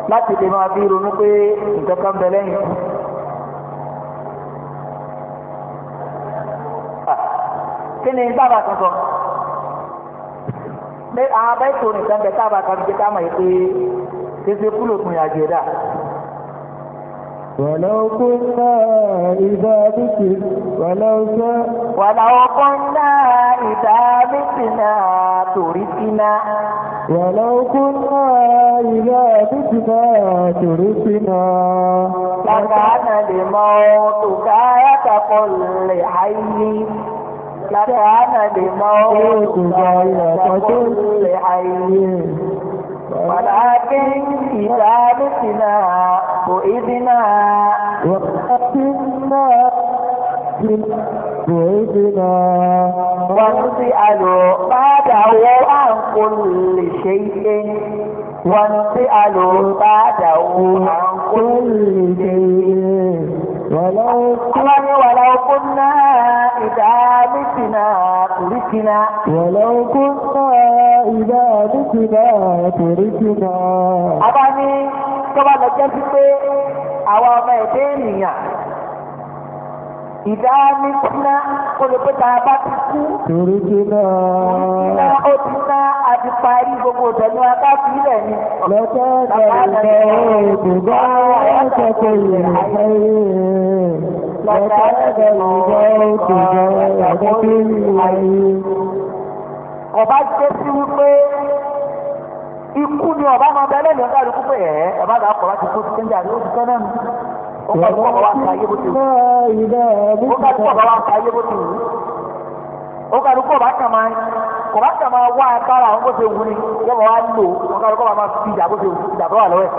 láti lè máa fi ronú pé nǹkan kan bẹ lẹ́yìn fún. kí ni bàbá kan sọ pé àwọn abẹ́tò nìkan bẹ tábà kan fi ká yìí pé kéṣe kúlò kùn ìyàjẹ̀ ولو كنا إذا بتنا ولو ولو كنا إذا بتنا تركنا ولو كنا إذا بتنا تركنا لكان الموت غاية كل حي لكان الموت غاية كل حي ولكن إلى بسنا بعدنا وقتنا بعدنا ونسأل بعده عن كل شيء ونسأل بعده عن كل شيء ولو كنا ولو كنا إذا متنا تركنا ولو كنا إذا متنا تركنا أباني كما نجد àwọn ọmọ ẹ̀dẹ́ ènìyàn ìdánísíná olùpẹ̀tà bá ti kú. torí jìnnà. jìnnà ó ti ná àdìparí gbogbo ìtẹ̀nu akáfi rẹ̀ ni. lọ́jọ́ ìgbà òògùn bá ọ̀ṣọ́kọ̀ ìrìnàjò yìí. lọ́jọ́ ìgbà òògùn bá ọ̀ṣọ́kọ̀ ìrìnàjò ọba jẹ́ sí wípé ikú ni ọba máa bẹ lẹ́yìn ọ̀gá àdúgbò ẹ̀ ẹ̀ bá dà á kọ̀ láti kó sí kéńdé àdúgbò sí kẹ́nẹ́nu ọkàlùkọ̀ bá kàn máa kò bá kàn máa wá agbára àwọn bó ṣe wù ni yọ̀bọ̀ wá lò ọkàlùkọ̀ bá máa fi ìjà bó ṣe wù ìjà tó wà lọ́wọ́ ẹ̀.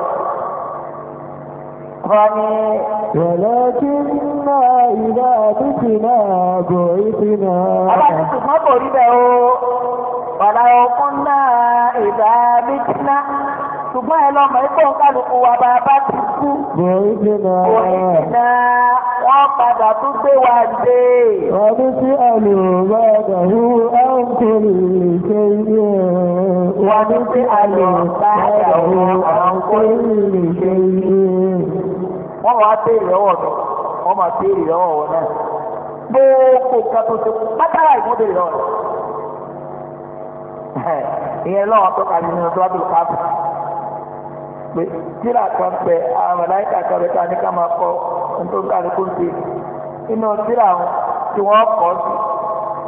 غني ولكننا إذا متنا بعثنا أبدا ما بريده ولو كنا إذا متنا ṣùgbọ́n ẹ lọ́mọ ikọ̀ kálukú wa bá bá ti kú. Bòrídìnà. Bòrídìnà wọ́n padà tún gbé wa dé. Ọdún tí àlùbọ́dà hu àǹkórì ṣe yẹ. Ọdún tí àlùbọ́dà hu àǹkórì ṣe yẹ wọ́n máa tẹ ìrẹ́wọ̀ mi wọ́n máa tẹ ìrẹ́wọ̀ wọn náà gbogbo nǹkan tó ṣe pátára ìmúdè ìrẹ́wọ̀ rẹ̀ ìyẹn lọ́wọ́ tó kàdé nínú tó wá dùn káàbù pé tíra kan pẹ àwọn màláìkà kan pẹ ká ní ká máa kọ nítorí kálukú ń ṣe inú tíra tí wọ́n kọ́ sí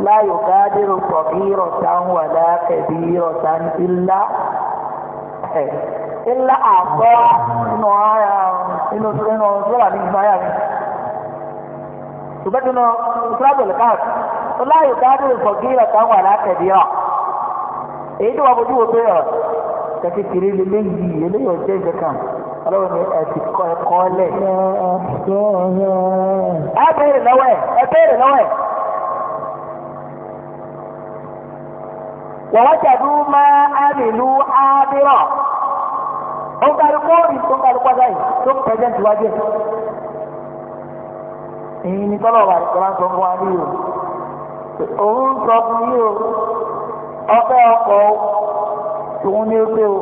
láyò gáádérò pọ̀ kí rọ̀tà ń wà lákẹ̀bí rọ̀tà ń ilá ẹ̀ ńlá àkọ́ nínú ara nínú nínú sọ́wà ní ìgbà ayà mi. ṣùgbọ́n nínú ìsúlábùl káàkiri ó láyò dáadé ìfọ̀gí ìrọ̀tà wà látẹ̀dí ọ̀. èyí tó wà bójú wo pé ọ̀ kẹ̀kẹ́ kiri lélẹ́yìí eléyìí ọ̀jẹ́ ìjẹ kan ọlọ́run ni ẹ ti kọ́ ẹ kọ́ lẹ̀. ẹ béèrè lọ́wọ́ ẹ ẹ béèrè lọ́wọ́ ẹ. wọ́n wá máa ń rìlú ábírọ̀ ó ń kárí kóòdì tó ń kárí pátá yìí tó pẹ̀jẹ́ǹtì wájú ẹ̀. èyí ni tọ́lọ̀ wà lọ́wọ́ sọ fún wa ní o òun sọ fún yìí o ọ̀fẹ́ ọkọ̀ o tòun ní oṣù o.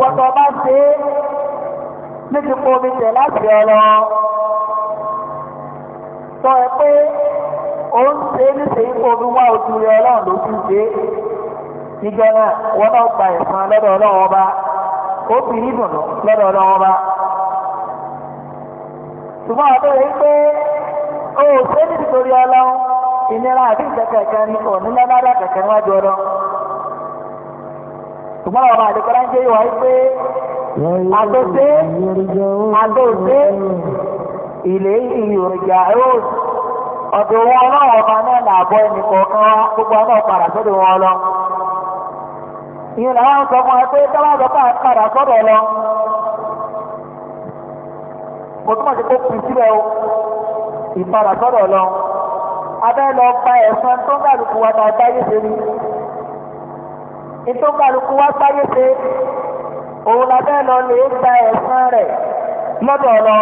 Wọ́n bá ṣe é ní ti kó omi tẹ̀ láti ọ lọ sọ ẹ pé ó ń ṣe é níṣẹ́ omi wá ojú rẹ ọlọ́run ló ti ṣe é. níjọ́ náà wọn náà gba ẹ̀san lọ́dọ̀ ọlọ́wọ́ bá ó fi lọ́dọ̀ ọlọ́wọ́ bá. ṣùgbọ́n àbẹ̀rẹ̀ yìí pé ó ṣe ní nítorí ọlọ́run ìnira àti ìkẹ̀kẹ̀kẹ̀ ni ònílẹ̀ lára kẹ̀kẹ́ níwájú ọlọ́ ṣùgbọ́n àwọn àdìkọ́lá ń pé ilé ìyòrìjà ọ̀dọ̀ wọn náà náà ẹnì ìyẹn làwọn sọ fún ẹ pé táwọn sọ́dọ̀ lọ mo síbẹ̀ o ìpadà sọ́dọ̀ lọ abẹ́ lọ gba ẹ̀sán tó ń wa ta ṣe ni wa ṣe òun lọ lè gba ẹ̀sán rẹ̀ lọ́dọ̀ lọ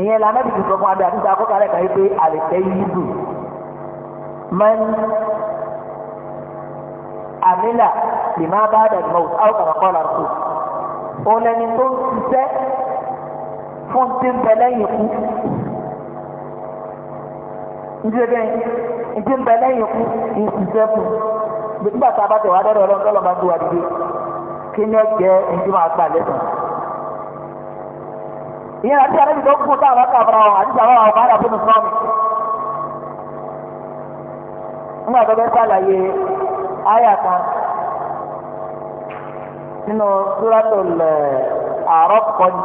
ìyẹn fún àti ìṣàkóso alẹ́ pé tẹ́ mẹ́rin. àmìlà lè má bá dàgbà ọ̀kàrà kọ́là tó. òun lẹni tó ń ṣiṣẹ́ fún tí ń bẹ lẹ́yìn kú. ìdílé ìdí ń bẹ lẹ́yìn kú ń ṣiṣẹ́ fún. nígbà tá a bá tẹ̀ wá dọ́dọ̀ ọlọ́run tọ́lọ́ máa ń gbé wa dìde kí ni ẹ jẹ́ ẹni máa gbà lẹ́sàn. ìyẹn àti àlejò tó kú táwọn akáàbọ̀ra wọn àti àwọn àwọn ọ̀bára fún mi mi. nígbà tó bẹ́ sàlàyé àyà kan nínú súrátò lẹ̀ àárọ̀ kọ́ni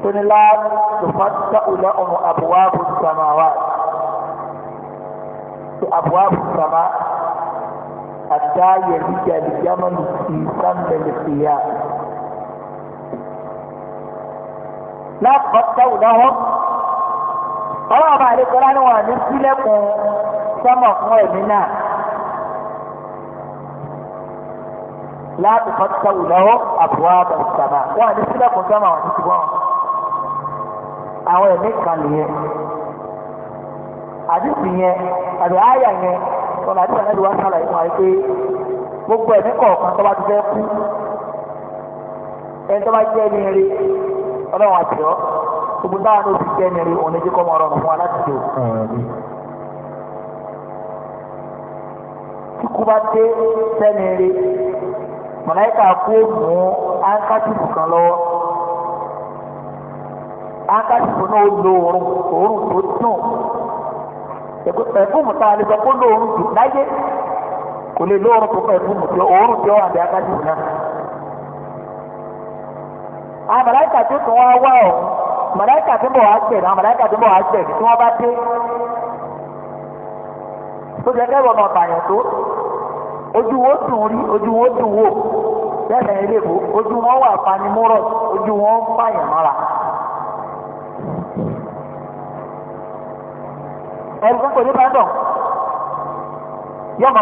tó ní láàbù fásitì ìlẹ̀ ọmọ àbúwábù sàmáwá ti àbúwábù sàmá àtà yẹ̀lú jẹ̀lú jámánù sí sàmìlẹ̀ fìyà. láàbù fásitì ìlẹ̀ ọmọ ọlọ́run àdékọ́lá ni wọ́n ní sílẹ̀kùn sọ́mọ̀ fún ẹ̀mí náà. láti fọ́tà ìlọ́wọ́ àbúrò àbẹ̀sàmà wọn àti sílẹ̀kùn sọ́mà wọn ti ti bọ́ wọn. àwọn ẹ̀mí kan nìyẹn àdìsí yẹn àbí àyà yẹn wọn àti sànẹ́dì wá sàlàyé fún wa pé gbogbo ẹ̀mí kọ̀ọ̀kan tó bá ti fẹ́ kú ẹni tó bá jẹ́ ní rí ọlọ́run àti ọ́ gbogbo táwọn ló fi jẹ́ ní rí òun ní jíkọ́ mọ́ ọlọ́run fún wa láti jò. tí kú bá dé sẹ́ni rí. mọ̀láyíkà kú mú áńkátìfù kan lọ́wọ́ áńkátìfù náà lo òórùn òórùn tó dùn ẹ̀fúùmù tá a lè ọrụ pé lóòórùn tó láyé kò lè lóòórùn tó ọrụ ẹ̀fúùmù tí òórùn tí ó wà ní áńkátìfù náà. tó wá wá tó ń bọ̀ wá tó ń bọ̀ wá tí wọ́n bá dé tó jẹ́ ojú wọn dùn rí ojú dùn wò bẹ́ẹ̀ ni ojú wọn wà ojú wọn fàyàn mọ́ra. ẹ̀rù kan kò ní máa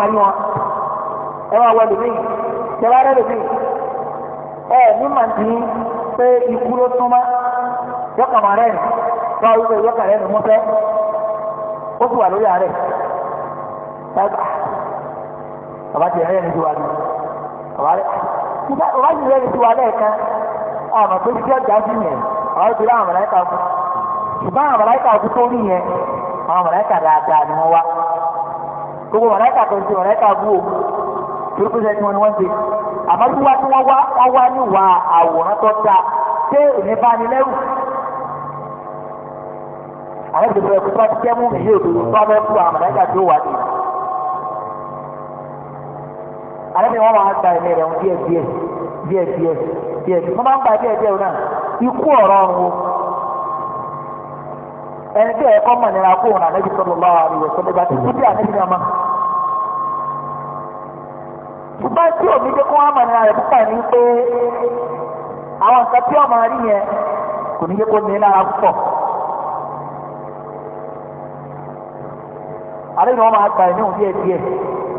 rí wọn ẹ jẹba rẹ ẹ ní pé ikú ló máa mọ́fẹ́ ó sì wà lórí bàbá ti rẹ́rìn ní tiwa ni bàbá rẹ̀ bàbá ti rẹ́rìn ní tiwa lẹ́ẹ̀kan ọ̀nà tó ti jẹ́ jáde yẹn bàbá ti rẹ́ àwọn mọ̀láìkà kú ṣùgbọ́n àwọn mọ̀láìkà kú tó rí yẹn àwọn mọ̀láìkà dáadáa ni wọ́n wá gbogbo mọ̀láìkà kan ti mọ̀láìkà bú o torípé sẹ́ni wọn ni wọ́n ṣe àmọ́ tí wá tí wọ́n wá wọ́n wá níwà àwòrán tó ta ṣé èmi bá ní lẹ́rù àwọn ìdìbò ẹ̀kú tó ti jẹ́ mú mi yé òdòdó tó wá fẹ́ kú àwọn mọ̀láìkà tó wà nìyí. àlẹ́ mi wọ́n máa gba ẹ̀mí rẹ̀ wọn díẹ̀ díẹ̀ díẹ̀ díẹ̀ díẹ̀ wọ́n máa ń gba díẹ̀ díẹ̀ náà ikú ọ̀rọ̀ ọ̀hún ẹni tí ẹ̀kọ́ mọ̀ nira kó wọn àlẹ́ bí sọ́lọ́ bá wà lóye sọ́lọ́ bá ti kú bí àlẹ́ bí ní ọmọ. ṣùgbọ́n tí òmí dé kó wọn mọ̀ nira rẹ̀ púpọ̀ ní pé àwọn nǹkan tí ọmọ rí yẹn kò ní yẹ kó ní lára púpọ̀. àlẹ́ ni máa gba ẹ̀mí òun díẹ̀ díẹ̀.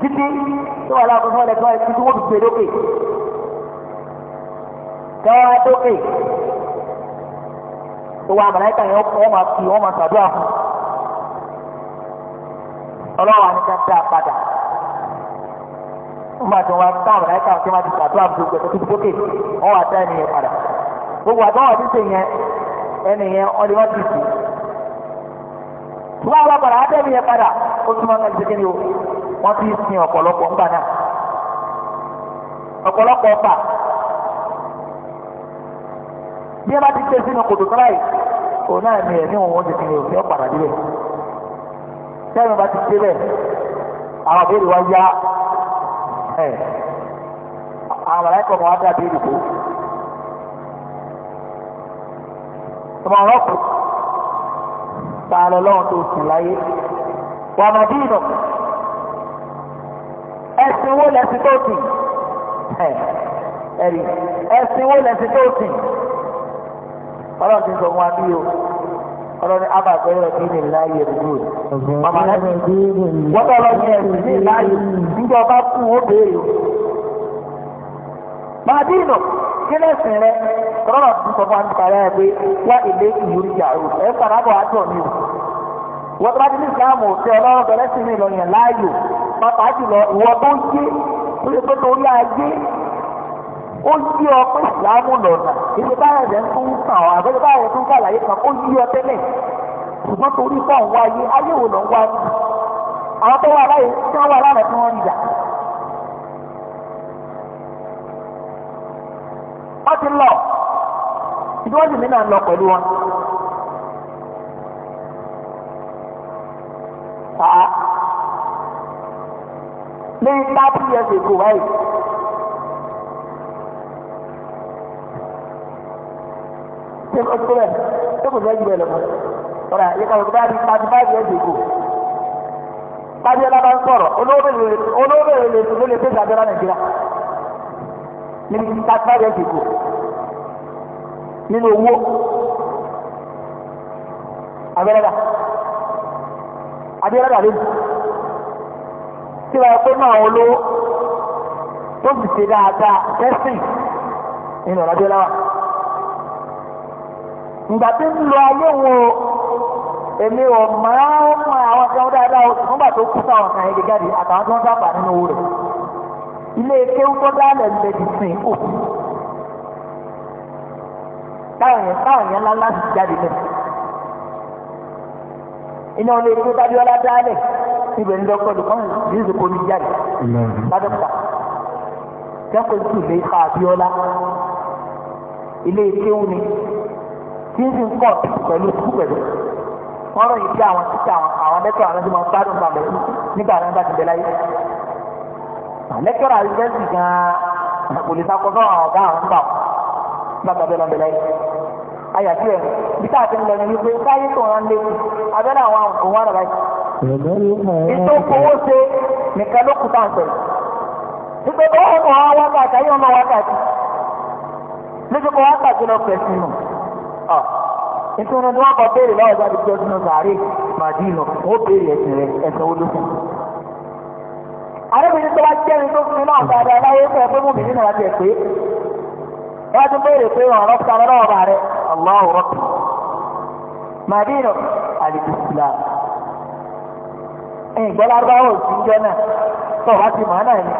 títí tó wà láàbọ̀ fún ẹ̀dẹ̀gbọ́n ẹ̀sìn tí wọ́n fi gbé lókè kẹ́wàá lókè tó wà màláìka yẹn wọ́n máa fi wọ́n máa sàdúrà fún ọlọ́wà ní ká dá padà wọ́n máa tún wá tá màláìka tí wọ́n ti sàdúrà fún gbogbo ẹ̀sìn lókè wọ́n wà dá ẹnìyẹn padà gbogbo àtọ́wọ̀ ti sè yẹn ẹnìyẹn ọdún wọn ti sè wọ́n àwọn padà á tẹ́ ẹnìyẹn padà ó túmọ̀ náà ti sè o wọ́n fi sin ọ̀pọ̀lọpọ̀ ńgbà náà ọ̀pọ̀lọpọ̀ ọ̀fà bí ẹ bá ti gbé sínú kòtò tó láì òun náà ni ẹ̀mí òun ti kìnìún ní ọ̀pàdà díbẹ̀ sẹ́yìn bá ti gbé bẹ́ẹ̀ àwọn àbẹ̀rẹ̀ wa yá ẹ̀ àwọn àlàyé ọmọ wa dá béèrè kó ọmọ ọlọ́pù ta tó sùn láyé wàmàdínù. ẹ̀sìn wo ẹ̀rí ọlọ́run ti sọ fún wa bí o ọlọ́run abba láàyè wọ́n ẹ̀sìn ní láàyè nígbà ọba kú ó béèrè o rẹ ti sọ fún wa nípa pé wá ilé ẹ̀ bọ̀ o wọ́n ní ìsìlámù ọlọ́run pàápàá jùlọ ìwọ tó yé oye tó torí ayé ó yí ọ pé ìsìlámù lọ́nà ibi báyọ̀ rẹ̀ ń tún sàn ọ́ àbẹ́rẹ́ báyọ̀ rẹ̀ tún sàlàyé kan ó yí ọ tẹ́lẹ̀ ṣùgbọ́n torí pọ̀ ń wá ayé ayé wo ló àwọn tó wà láyé tí wọ́n wà lánàá tí wọ́n yà. wọ́n ti lọ ìdíwọ́n sì náà lọ pẹ̀lú wọn. than 30 years ago, right? Ṣé o tó bẹ̀? Ṣé kò fẹ́ jù bẹ̀ lọ́mọ? Ọ̀rọ̀ àyè kan tó bá di 35 years ago. Bájẹ́ lábá ń sọ̀rọ̀, olóòbèrè lè ló lè pèsè àjọra Nàìjíríà. Níbi 35 years ago. Nínú owó. Abẹ́rẹ́dà. Abẹ́rẹ́dà lè dùn. tí wàá pé náà olówó tó sì ṣe dáadáa tẹ́sìn nínú ọ̀nà délẹ́wà. ìgbà tí ń lo ayé wo èmi ò máa ń mọ àwọn kan dáadáa o nígbà tó kú sáwọn kan yẹn gẹ́gẹ́ àtàwọn sábà nínú owó rẹ̀. ilé yẹn ibẹ̀ ń dọ́kọ̀ lùkọ́ yìí ṣe kò ní jáde ládọ́kà jẹ́kọ̀ sí ilé ìka Abíọ́lá ilé ìkéwù ni tí ń sìn kọ́ pẹ̀lú sùkú pẹ̀lú wọ́n rọ̀ yìí sí àwọn títí àwọn àwọn lẹ́tọ̀ àwọn tí wọ́n gbádùn bá bẹ̀rù nígbà àwọn bá ti bẹ̀ láyé lẹ́kẹ̀rọ àyùbẹ́sì gan-an kò lè sakọ́sọ́ àwọn ọ̀gá àwọn nígbà wọn nígbà tó bẹ̀ lọ́ bẹ̀ láyé ayàtí ẹ̀ bí táà ti ń lọ ní wípé káyé tó wọn lé abẹ́rẹ́ àwọn àwọn kò wọ́n rẹ̀ báyìí. Ètò òkòwò ṣe nìkan ló kù tá à ń sọ̀rọ̀. Nígbà tó wọ́n mọ̀ wá wákàtí, ayé wọn mọ̀ wákàtí. Níbi kan wákàtí lọ pẹ̀ sínú. Ìṣòro ni wọ́n kọ béèrè lọ́wọ́ ìjáde tí ọdún náà sàárè Màdínà, ó béèrè ẹ̀sìn rẹ̀ ẹ̀sìn olókùn. Arábìnrin tó bá jẹ́rin tó fún mi náà dáadáa láyé fẹ́ pé mú mi nínú àti ẹ̀ pé. Wọ́n ti béèrè pé ọ̀rọ̀ sára lọ́wọ́ bá rẹ̀, Allah rọ̀bì. Màdínà, àlejò Ìsìlámù. ẹ̀yìnbọn lárúbáwò sí ń jọ náà tó bá ti mọ̀ náà ni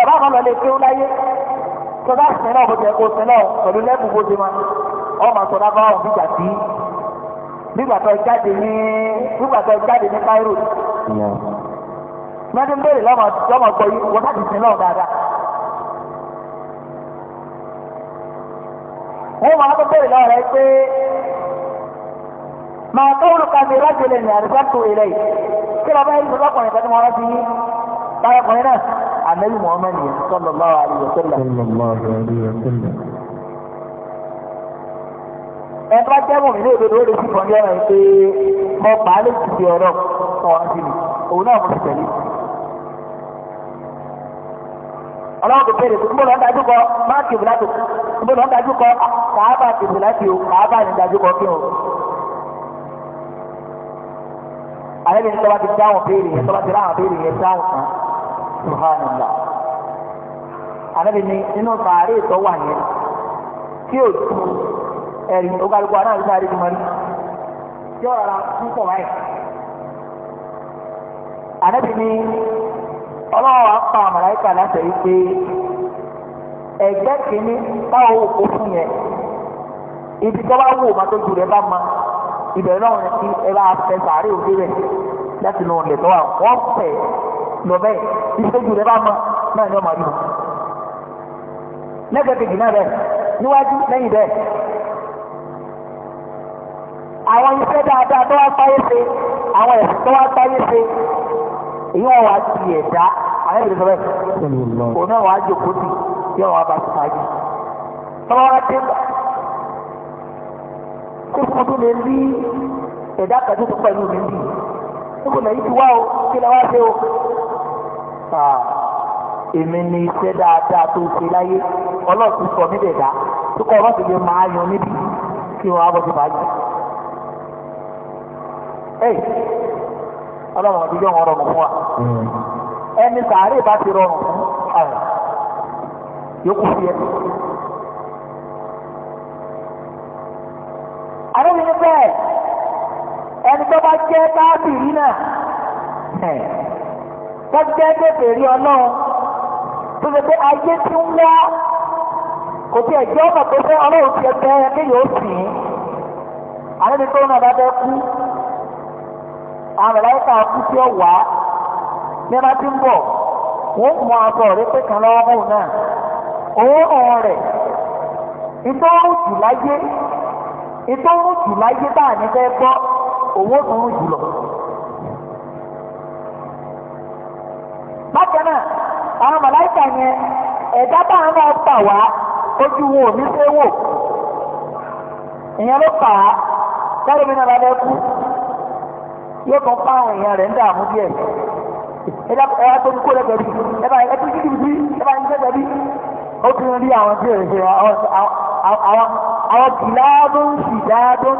ọba kan lọ lè kéwú láyé tó bá sin náà kó kó náà pẹ̀lú bó ma ọmọ sọ lárúbáwò bí jà sí nígbà tó jáde ní nígbà tó jáde ní Cairo ní ọdún lọ́mọ gbọ́ yìí wọ́n ti ما قولك برجل ارسلت اليه كلا بقى يقول لك وانا كاتم ورا دي بقى هنا النبي محمد صلى الله عليه وسلم صلى الله عليه وسلم ẹn bá jẹ́ mọ̀mí ní òdodo ó lè fi kàn yọ̀rọ̀ pé mo pa á lè ti di ọ̀rọ̀ ọ̀rọ̀ sí mi òun náà mo ti tẹ̀lé. ọlọ́run kò béèrè pé gbọ́dọ̀ ń dájú kọ máàkì ìbùdó gbọ́dọ̀ ń dájú kọ kàábà ìbùdó láti o kàábà ìdájú kọ kí o àyẹ̀lẹ̀ ní tọ́ba ti dáhùn béèrè yẹn tọ́ba ti dáhùn béèrè yẹn dáhùn kan subhanallah àyẹ̀lẹ̀ ní nínú sàárè ìtọ́ wà yẹn tí ò tu ẹ̀rì ogalugu àná àti sàárè ìdúmọ̀rí tí ọ̀rọ̀ la ń pọ̀ báyìí àyẹ̀lẹ̀ ní ọlọ́wọ́ wa pa láti ẹ̀yí pé ẹ̀gbẹ́ kìíní táwọn òkú fún yẹn ibi tọ́ba wò má tó jù rẹ̀ bá ma ibẹ̀ náà ní kí ẹ bá fẹ́ sàárè òde rẹ̀ láti nù ọ̀lẹ̀ tó wà wọ́n fẹ̀ lọ bẹ́ẹ̀ ìṣẹ́jú rẹ̀ bá mọ náà ní ọmọ rí mu. lẹ́gbẹ̀ẹ́ kejì náà bẹ́ẹ̀ níwájú lẹ́yìn bẹ́ẹ̀ àwọn iṣẹ́ dáadáa tó wá páyé ṣe àwọn ẹ̀sìn tó wá páyé ṣe èyí wọn wá ti ẹ̀dá àwọn sọ bẹ́ẹ̀ òun náà wá jòkó kíkú tó lè rí ẹ̀dá kàdé tó pẹ̀lú mi bì níbo náà yìí ti wá o kí lè wá ṣe o. èmi ni iṣẹ́ dáadáa tó ṣe láyé ọlọ́ọ̀tún sọ mí dẹ̀dá tó kọ́ ọlọ́ọ̀tún lè máa yan níbi kí wọ́n á bọ́ sí fàájì. ọlọ́run ọdún yóò rọrùn fún wa hmm. ẹni sàárè bá ti rọrùn fún àwọn yòókù fi ẹ. tó bá jẹ́ káàbìrì náà tó jẹ́ kébèrè ọlọ́run tó ṣe pé ayé ti ń wá kò tí ẹ̀ jẹ́ ọ̀nà tó fẹ́ ọlọ́run ti ẹgbẹ́ kéèyàn ó sìn ín àwọn ẹni tó ń nàdá bẹ́ kú àwọn ẹ̀láìka kú tí ó wà á ní ẹ̀ma ti ń bọ̀ wọ́n mú aṣọ rẹ̀ pé kan lọ́wọ́ bóun náà òun ọ̀hún rẹ̀ ìtọ́rùn láyé ìtọ́rùn láyé bá a ní fẹ́ gbọ́ owó tó jùlọ. bákan náà àwọn màláìkà yẹn ẹ̀dá táwọn náà gbà wá ojú wo ní ṣé wò ìyẹn ló fà á sáré mi náà bá bẹ́ẹ̀ kú yóò tún pa àwọn èèyàn rẹ̀ ń dààmú díẹ̀ ẹ̀dá ẹ̀wá tó ń kó lẹ́gbẹ̀ẹ́ bí ẹ̀ bá ẹ̀ tún jíjì bí ẹ̀ bá ń jẹ́ ó fi rí àwọn tí ò ń ṣe àwọn àwọn àwọn kìláàdùn ṣìdáàdùn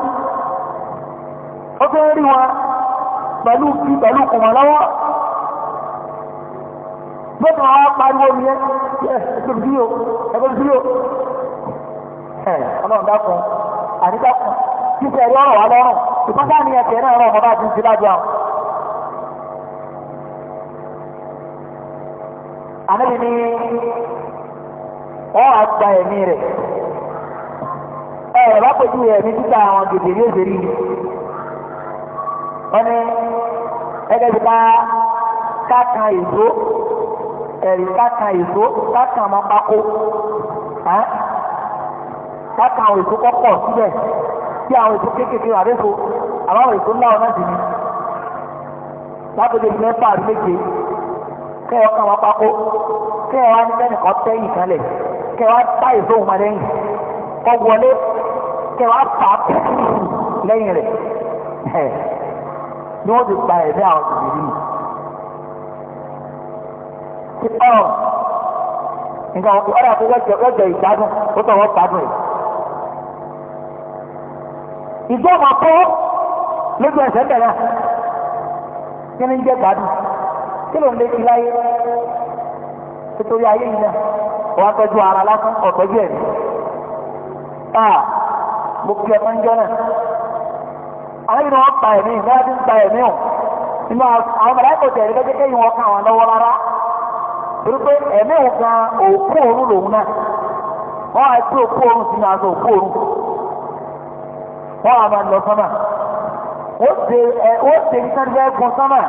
fẹ́ rí wọn pẹ̀lú kí pẹ̀lú kùn wọn lọ́wọ́ gbọ́dọ̀ wọn pariwo mi ẹ ẹgbẹ́ bí o ẹgbẹ́ bí o ẹ ọlọ́run dákun àníkàkùn kí sẹ́ẹ̀rí ọ̀rọ̀ wa lọ́rùn ìpátá ni ẹ̀kẹ́ náà rọ̀ ọmọdé àti ìsìlájú àwọn. Ànábì ni wọ́n á gba ẹ̀mí rẹ̀. Ẹ̀rọ bá pèjú ẹ̀mí títà àwọn gègé ní òṣèlú wọ́n ní ẹgbẹ́ ti ká kákan ìṣó ẹ̀rí kákan ìṣó kákan máa pákó kákan àwọn èso kọ́kọ́ síbẹ̀ tí àwọn èso kéékèèké àdéso àwọn àwọn èso ńlá ọ̀nà dìní lágbègbè mẹ́fà àti méje kẹ́ẹ̀ ọkàn wọn pákó kẹ́ẹ̀ wá ní kẹ́nìkan tẹ́yìn kanlẹ̀ kẹ́ẹ̀ wá tá èso òun máa lẹ́yìn kọ́ wọlé kẹ́ẹ̀ wá fà á lẹ́yìn rẹ̀ ni wọ́n ti gba ẹ̀mí àwọn tòbìrì nù. ti ọ̀ nǹkan ọ̀rọ̀ àti lọ́jọ́ ìgbádùn ó tọ̀ wọ́n gbádùn ẹ̀. ìjọ ọmọ kó lójú ẹsẹ̀ bẹ̀rẹ̀ kí ni ń jẹ́ gbádùn kí ló ń lé sí nítorí ayé yìí náà wọ́n tọ́jú ara lásán ọ̀tọ́jú ẹ̀mí. mo kí ọmọ ń jọ náà àlejò ni wọ́n pa ẹ̀mí ìgbà tí ń gba ẹ̀mí ọ̀ nínú àwọn mọ̀láìkò jẹ̀rí lọ́jọ́ kéyìn wọn kàn wọn lọ́wọ́ rárá torí pé ẹ̀mí òun gan òkú òun lòun náà wọ́n á gbé òkú òun sínú aṣọ òkú òun wọ́n á máa lọ sọ́mà ó ṣe ẹ ó ṣe iṣẹ́ ní ẹ̀gbọ́n sọ́mà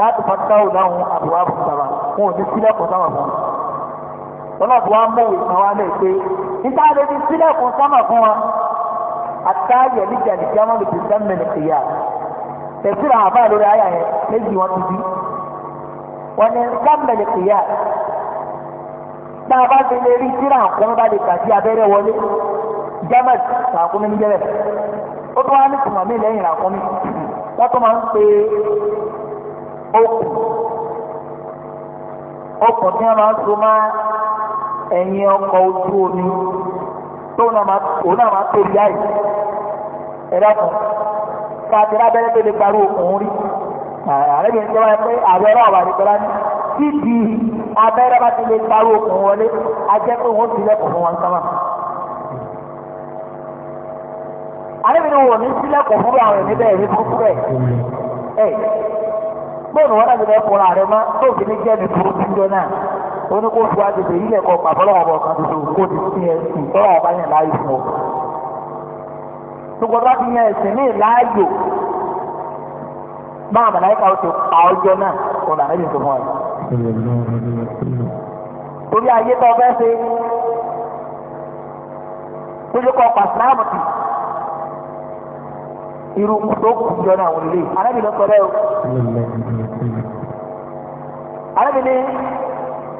láti pàtàkì láwọn àbúrò àbúrò sàmà wọn ò ní sílẹ̀kùn sọ́mà fún wọn wọn náà fi wá mú ìtàn ata yẹ ní jẹ alijama lè fi sẹ́mi ní kìyà tẹ̀síra àbá lórí ayà yẹn méjì wọn ti bí wọn ní sẹ́mi ní kìyà tá a bá fi lè rí tíra àkọ́nú bá lè kà sí abẹ́rẹ́ wọlé german ràkúnmí ní jẹ́rẹ̀ ó tún wá ní tùmọ̀mí lẹ́yìn ràkúnmí wọ́n tún máa ń pe okùn okùn tí so máa ẹ̀yìn ọkọ̀ ojú omi tóun náà máa tóbi láì ẹ̀rọ kan káàkiri abẹ́rẹ́ tó lè parí òkun rí àrẹ́bìnrin tó wáyé pé àwẹ̀ náà wà ní tọ́lá ní títí abẹ́rẹ́ bá ti lè parí òkun wọlé a jẹ́ pé wọ́n ti lẹ́kọ̀ọ́ fún wọn sánmà. àrẹ́bìnrin wò ní sílẹ̀kùn fún àwọn ẹ̀mí bẹ́ẹ̀ ní fún bẹ́ẹ̀ ẹ̀ bóun wọn náà ti lẹ́kọ̀ọ́ àrẹ mọ́ tó ó ní kó tó àgbègbè yìí lẹ́kọ̀ọ́ pàfọ́lọ́wọ́ bọ̀ kan tuntun kó ti fi ẹ̀sìn tọ́lọ́ ọba yẹn láàyè fún ọ. ṣùgbọ́n bá fi yan ẹ̀sìn ní ìláàyò báwọn màláìka ó ti pa ọjọ́ náà kò nà níbi ìtumọ̀ rẹ̀. torí ayé tó fẹ́ ṣe tójú kọ pàṣínáàmù tì irú tó kù jọ náà wọlé anábìlẹ̀ sọ bẹ́ẹ̀ o. anábìlẹ̀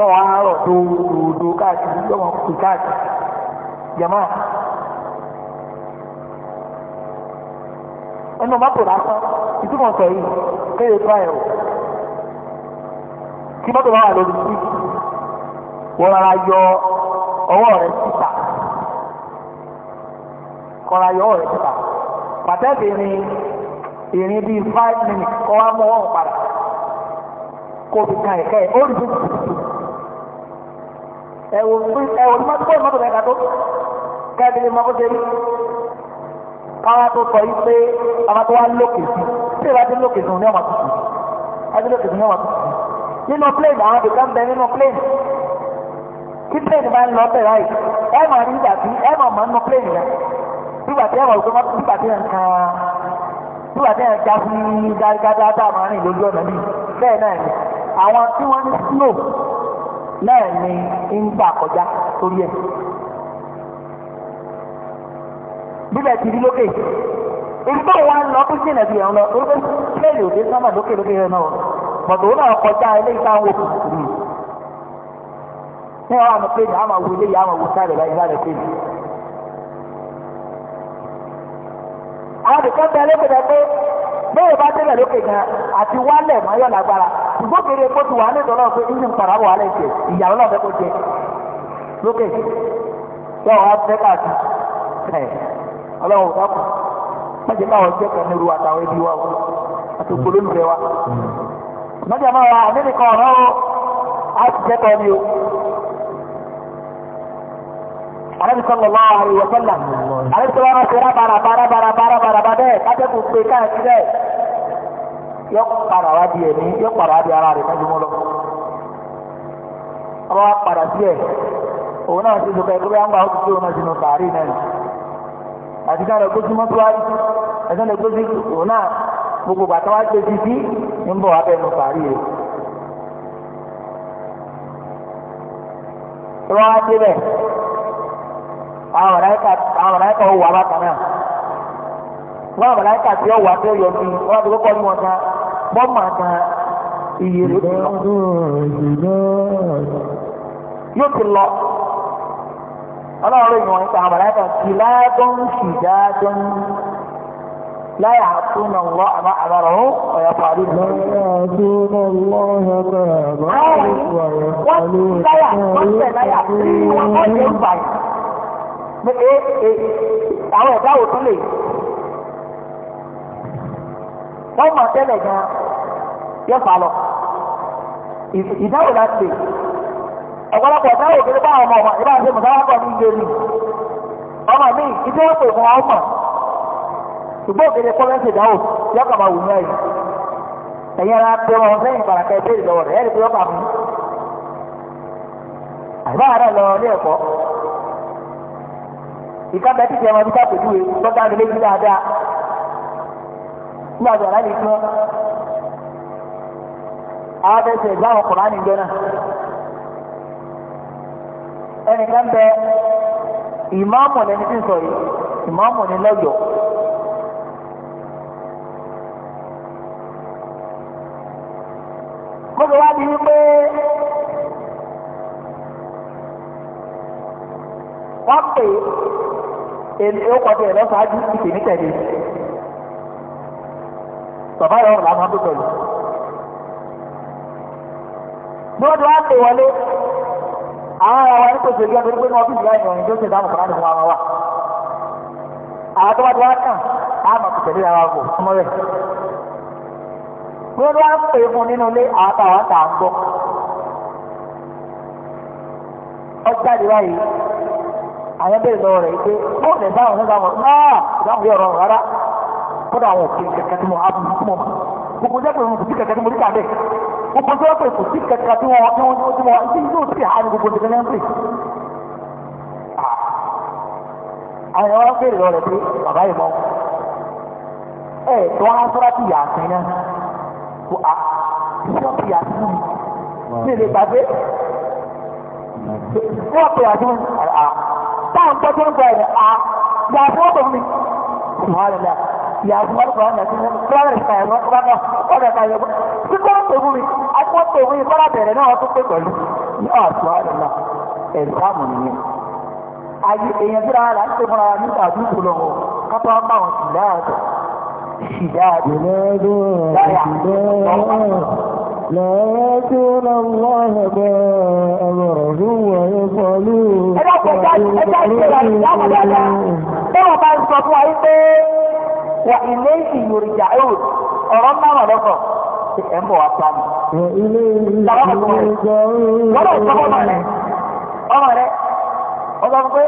táwọn arọ̀ tó òdo káàkiri yọmọ kù káàkiri jẹ̀mọ́ ẹnu mọ́tò lásán ìtumọ̀ sọ yìí kéde tó ayọ̀ kí mọ́tò bá wà lórí sí wọ́n rárá yọ ọwọ́ rẹ̀ síta kọ́ra yọ ọwọ́ rẹ̀ síta pàtẹ́ẹ̀tì ìrìn ìrìn bíi five minutes kọ́ wá mọ́ ọ̀hún padà kó fi kan ẹ̀kẹ́ ẹ̀ ó rí bíi ẹ̀wò fún ẹ̀wò ní mọ́tò mọ́tò bẹ́ẹ̀ kàtó kẹ́ẹ̀dì ní mọ́tò dérí káwá tó sọ yìí pé ọmọ tó wá lókè sí tí ìwà ti lókè sùn ní ọmọ tó sùn ẹbí lókè sùn ní ọmọ tó sùn nínú plane àwọn ìdìkan bẹ nínú plane kí plane bá ń lọ bẹ̀ ráì ẹ mọ̀ ní ìgbà tí ẹ mọ̀ mọ̀ nínú plane yẹn nígbà tí ẹ mọ̀ wípé mọ́tò nígbà tí ẹ ń kan nígbà tí ẹ ń ga fún náà ni ń gbà kọjá torí ẹ̀. bíbẹ̀ ti rí lókè ìgbà wa ń lọ fún jìnnà bí ẹ̀rọ lọ ó fẹ́ẹ̀lì òde sámà lókè lókè rẹ̀ náà bọ̀dọ̀ ó náà kọjá eléyìí táwọn wò kùkù mi. ní àwọn àmì pé àmà wo eléyìí àmà wo sáré báyìí sáré pé mi. àwọn àdìkọ́ bẹ ẹlẹ́gbẹ̀dẹ pé bẹ́ẹ̀ bá débẹ̀ lókè gan àti wálẹ̀ mọ́ yọ̀ lágbára. ṣùgbọ́n bèrè epo ti wà ní ìdọ́lọ́ pé ìyí ń padà wà lẹ́sẹ̀ ìyàwó náà fẹ́ kó jẹ lókè yọ wá fẹ́ káàkiri ọlọ́run ò dákun mọ̀jẹ̀ káwọn jẹ́ kan nírú àtàwọn ẹbí wa àti ògbólólùfẹ́ wa mọ̀jẹ̀ máa wà nínìkan ọ̀rọ̀ o á ti jẹ́ kan ní o. Àrẹ́bí sọ̀rọ̀ lọ́wọ́ àríwọ̀ sọ́là. Àrẹ́bí sọ̀rọ̀ lọ́wọ́ àríwọ̀ sọ́là. Àrẹ́bí sọ̀rọ̀ lọ́wọ́ àríwọ̀ sọ́là yọ padà wá di ẹ̀mí yọ padà wá di ara rẹ̀ mẹ́jọ mọ́ lọ. ọba wa padà sí ẹ̀ òun náà ti sọ̀kẹ́ ẹgbẹ́ àwọn àwọn tuntun náà sínú sàárì náà yìí. àti náà lọ gbé sí mọ́túwárì ẹ̀sán lọ gbé sí òun náà gbogbo bàtà wá gbé sí sí ń bọ̀ wá nù sàárì rẹ̀. ìwọ́n á débẹ̀ àwọn ọ̀rẹ́ kọ̀ wà bàtà náà wọn àwọn aláìka tí ọwọ́ àti ọyọ bí wọn àti kókó ní wọn kan bọ́ mà kan iye ló ti lọ. yóò ti lọ ọlọ́run ìwọ̀n ìta àwọn aláìka kì ládùn ṣìdádùn láyà àtúnà lọ àmọ́ àbárò ọ̀yà pàdé. láyà àtúnà lọ àmọ́ àbárò ọ̀yà pàdé. wọ́n láyà wọ́n tẹ̀ láyà tí wọ́n bọ́ ṣe ń bàyà. àwọn ẹ̀dá òtún lè wọ́n mọ̀ tẹ́lẹ̀ gan yẹ fà lọ. ìdáwò láti lè ọ̀pọ̀lọpọ̀ ìdáwò kiri bá ọmọ ọmọ ìbá ṣe mùsàlá pọ̀ ní iye mi ọmọ mi ìdí ó pè fún wa ọmọ ṣùgbọ́n òkèlè kọ́ lẹ́sẹ̀ ìdáwò yọ kàmá wù ní ẹ̀yìn ẹ̀yìn ara pé wọn sẹ́yìn ìbàràkà ẹgbẹ́ ìlọ́wọ́ rẹ̀ ẹ̀rí pé ọkà mú àbá ara lọ ní ẹ̀kọ́ ìkábẹ́ ti jẹ́ ọmọ nígbà tó aláàlì gbọ́ abẹ́sẹ̀ ìgbàwọ̀ kùránì gbẹ́ náà ẹnìkan bẹ ìmáàmù lẹni tí ń sọ yìí ìmáàmù ní lọ́yọ̀ọ́. gbogbo wa di wípé wọ́n pè é ó kọjá ẹ̀ lọ́sàájú ìpè ní tẹ̀lé bàbá rẹ̀ ọ̀rọ̀ làwọn àdúgbò yìí. bọ́ọ̀dù á pè wọlé àwọn ará wa ní kò sèké ẹgbẹ́ nínú ọ́fíìsì láì yàn ìjọ́sìn ìdáhùn kan nínú àwọn wa. àwọn tó bá ti wá kàn á mọ̀ kò tẹ̀lé ara wò ọmọ rẹ̀. bọ́ọ̀dù á pè fún nínú ilé àwọn táwọn tà ń gbọ́. ọjà ìwà yìí àyẹ̀bẹ̀rẹ̀ lọ rẹ̀ pé bọ́ọ̀lù ìdáhùn nígbà wọn náà ìdáhùn yóò rọrùn rárá kọ́dọ̀ àwọn òfin kẹ̀kẹ́ tí mo á bí mọ̀ gbogbo jẹ́pẹ̀ wọn kò sí kẹ̀kẹ́ tí mo rí kàdé gbogbo jẹ́pẹ̀ kò sí kẹ̀kẹ́ tí wọ́n tí wọ́n tí wọ́n tí yóò sì há ní gbogbo jẹ́kẹ́ náà ń pè. àwọn ọ̀rọ̀ bèrè lọ rẹ̀ pé bàbá yìí mọ́ ẹ tó wá sọ́ra ti yà sẹ́yìn náà kò á sọ́ra ti yà sẹ́yìn mi lè gbàgbé wọ́n pè àdúrà táwọn gbọ́dọ̀ ń gbọ́ ẹ̀rẹ̀ yàgbọ́ sọ̀rọ̀ fúláwẹ̀ ìfàyàwọ́ fúláwẹ̀ ọ̀dọ̀ ìfàyàwọ́ tí kò ń tòwú mi akọ́ tòwú mi fọ́nà bẹ̀rẹ̀ náà tó pé pẹ̀lú ní ọ̀sọ̀ ọ̀dọ̀ náà ẹ̀sáàmù nìyẹn. ayé èèyàn tí ra là ń tẹ̀wọ́n ara nígbà tó kù lọ́wọ́ kátó wọn bá wọn sì dáàbò sì dáàbò. لا يأتون الله باء برجوا ويصلون wà ilé ìyòrìjà ẹ̀rù ọ̀rọ̀ náà wà lọ́kọ̀ ṣe ẹ̀ ń bọ̀ wá pa mi. wà ilé ìyòrìjà ẹ̀rù wọ́n lọ sọ ọmọ rẹ ọmọ rẹ ọmọ rẹ pé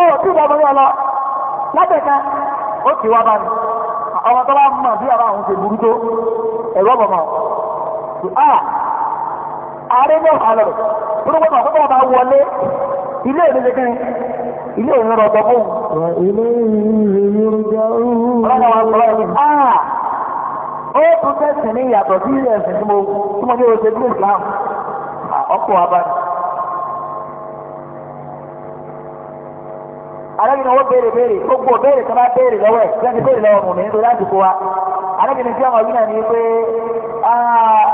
ọwọ́ tí ìgbà ọmọ yẹn lọ látẹ̀ka ó ti wá bá mi ọmọ tó mọ̀ bí àwọn àwọn ṣe burú tó ẹ̀rọ ọmọ mọ̀ ah, ààrẹ náà alọ̀rọ̀ tó ló gbọ́dọ̀ kó bá wọlé ilé ìrẹsẹ̀ kẹrin ilé òun rọ̀gbọ̀ fún. ilé ìlú yorùbá òun. ọlọ́run wa sọ̀rọ̀ yìí á ó tún tẹ̀sí ní ìyàtọ̀ sí ilé ẹ̀sìn tí mo tí mo ní o ṣe bí Islam ah, ọkọ̀ wa bá ní. arábìnrin owó béèrè béèrè gbogbo béèrè tó bá béèrè lọ́wọ́ ẹ̀ tí wọ́n ti béèrè lọ́wọ́ mùmí nítorí àsìkò wa arábìnrin tí àwọn ọ̀gbìn náà ní pé ah,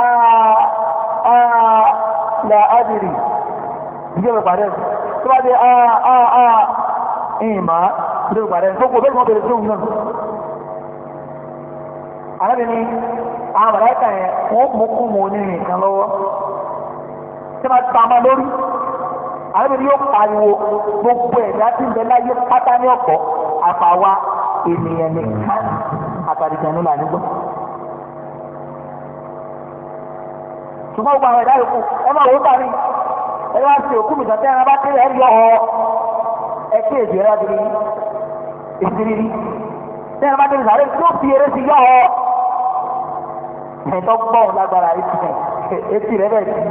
ah, la adìrì ìjọba pàdé ọ̀sán tó bá dé àà ah, ah, ah. ìmá ló gbàdẹ́ tó kò bẹ́ẹ̀ mọ́ bẹ̀rẹ̀ fún náà a àwọn màláìka yẹn wọ́n mú kú mọ́ ní nìkan lọ́wọ́ tí máa ta máa lórí arábìnrin yóò pariwo gbogbo ẹ̀dá tí ń bẹ láyé pátá ní ọ̀pọ̀ àfàwa ènìyàn nìkan àtàlìjàn nílà nígbà. ṣùgbọ́n gbogbo àwọn ẹ̀dá yòókù ẹ ẹ wá sí òkú bìtàn tẹ́ ẹ bá tẹ́ ẹ yọ ọ ẹ kí èdè ẹ̀rọ adìrí ìdírí tẹ́ ẹ bá tẹ́ ẹ sàrẹ́ tí ó fi eré sí yọ ọ ẹ̀tọ́ gbọ́n lágbára etí rẹ̀ etí rẹ̀ bẹ́ẹ̀ sí.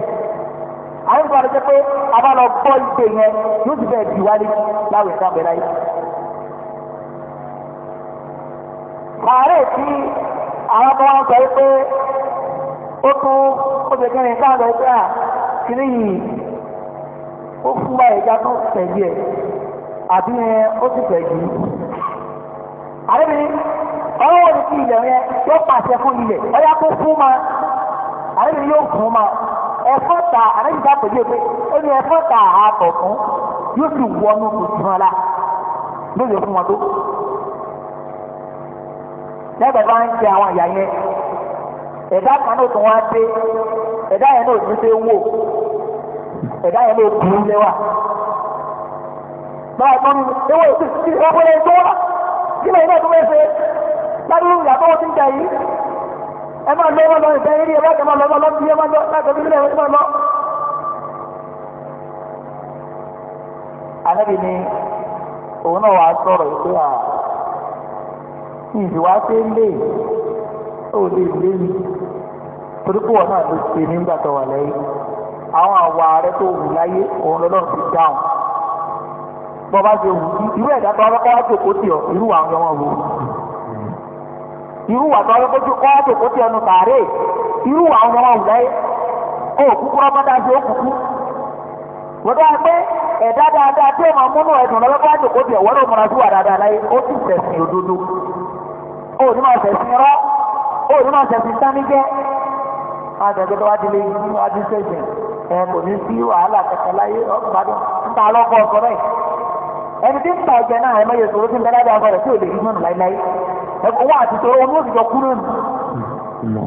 àwọn ìgbà rẹ̀ jẹ́ pé a bá lọ gbọ́ ìgbé yẹn yóò ti bẹ́ẹ̀ di wálé láwùjọ ìdáàbẹ̀ láyé. sàárè tí àwọn ọmọ wọn sọ pé ó tún ó ṣe kí ni káwọn sọ ó kú wá ẹja tó tẹ̀lé ẹ̀ àbí ẹ ó ti tẹ̀ jù ú. àrẹ́bìnrin ọwọ́ òní ti ilẹ̀ yẹn yóò pàṣẹ fún ilẹ̀ ọyá kó fún ma àrẹ́bìnrin yóò fún ma ẹ̀fọ́ ta àrẹ́bìnrin bá pèlè pé ó ní ẹ̀fọ́ ta àbọ̀ fún yóò sì wọnú kò sí wọn la lóye fún wọn tó. lẹ́gbẹ̀ẹ́ bá ń ṣe àwọn àyà yẹn ẹ̀dá kan náà tó wá dé ẹ̀dá yẹn náà ò ní ṣe wò ẹ̀dá yẹn lè kúrú lẹ́wà. Máa tó ní ewé ìsìnkú ọgbọ́n ẹ̀ tó wá. Kí lẹ́yìn náà tó fẹ́ ṣe? Lábúrú ìyá tó ti ń jẹ yìí. Ẹ máa lọ ọmọ lọ ìfẹ́ eré ẹ láti máa lọ ọmọ lọ bí ẹ máa lọ láti ọdún ilé ẹ máa lọ. Ànábì ni òun náà wàá sọ̀rọ̀ ìpè à. Ìdìwá ṣe ń lè ó lè mi. Torí pé náà lè ṣe nígbà tó wà lẹ́yìn. àwọn àwọ̀ ààrẹ tó wù láyé òun lọ́lọ́ ti dáhùn bọ́ bá ṣe wù irú ẹ̀dá tó ọlọ́kọ́ wá jòkó tì ọ́ irú àwọn ọmọ wò irú wà tó ọlọ́kọ́ wá jòkó tì ọnu tààrẹ́ irú àwọn ọmọ wù láyé ó kúkú rọ́bọ́dá ṣe ó wọ́n dáa pé ẹ̀dá dáadáa tí múnú ẹ̀dùn wọ́n wà dáadáa láyé ó sì òdodo ó ní máa rọ́ ó ní máa ẹ kò ní sí wàhálà kankan láyé ọgbàdùn níta lọkọ ọkọ rẹ ẹni tí ń ta ọjà náà ẹmọ yẹn sọ̀rọ̀ tí ń bẹ lábẹ́ ọkọ rẹ tí ò lè rí mọnù láíláí ẹkọ wà àti sọ̀rọ̀ omi òsì jọ kúrò nù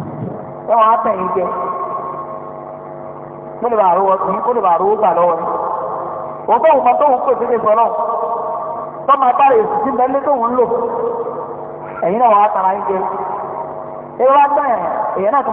ẹ wọn á jẹ kó lè bá àrówó sí kó lè bá àrówó gbà lọ́wọ́ ni òun tóun kan tóun pèsè lè sọ náà tọ́mọ abáre èsì tí ń bẹ lé tóun ń lò ẹ̀yin náà wàá tara yín jẹ ẹ wá gbà èèyàn náà tó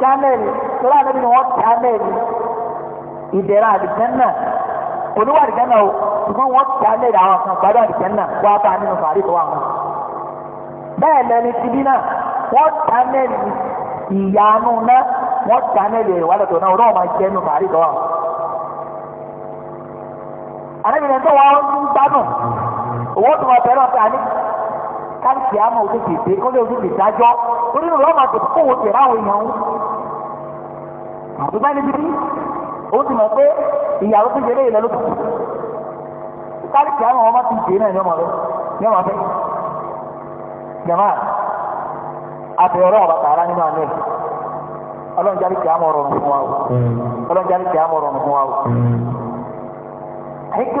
tamẹ́ẹ̀lì tọ́lá níbi ni wọ́n tamẹ́ẹ̀lì ìdẹ̀ra àdìjẹ́nà olúwa àdìjẹ́nà o ṣùgbọ́n wọ́n tamẹ́ẹ̀lì àwọn kan gbádùn àdìjẹ́nà wá bá nínú fàárí tó wà wọn. bẹ́ẹ̀ lẹni tibí náà wọ́n tamẹ́ẹ̀lì ìyanu náà wọ́n tamẹ́ẹ̀lì ìwádìí tó náà olúwa máa jẹ́ nínú fàárí tó wà wọn. àlejò káńtì àmọ́ òde tètè kọ́lé òde tètè dájọ́ orí ìlú ọmọ àti kó wò tèrè àwọn èèyàn ń. àbúgbá níbi bí ó ti mọ̀ pé ìyàwó ti jẹ́lé ìlẹ́ lókùn. káńtì àmọ́ ọmọ ti jẹ́ náà ní ọmọ rẹ ní ọmọ fẹ́. jama àbẹ̀rẹ̀ ọ̀bàtà ara nínú àná ẹ̀ ọlọ́njàlì kì á mọ̀ ọ̀rọ̀ fún wa o hmm. ọlọ́njàlì kì á mọ̀ fún wa o. Hmm. àyíkí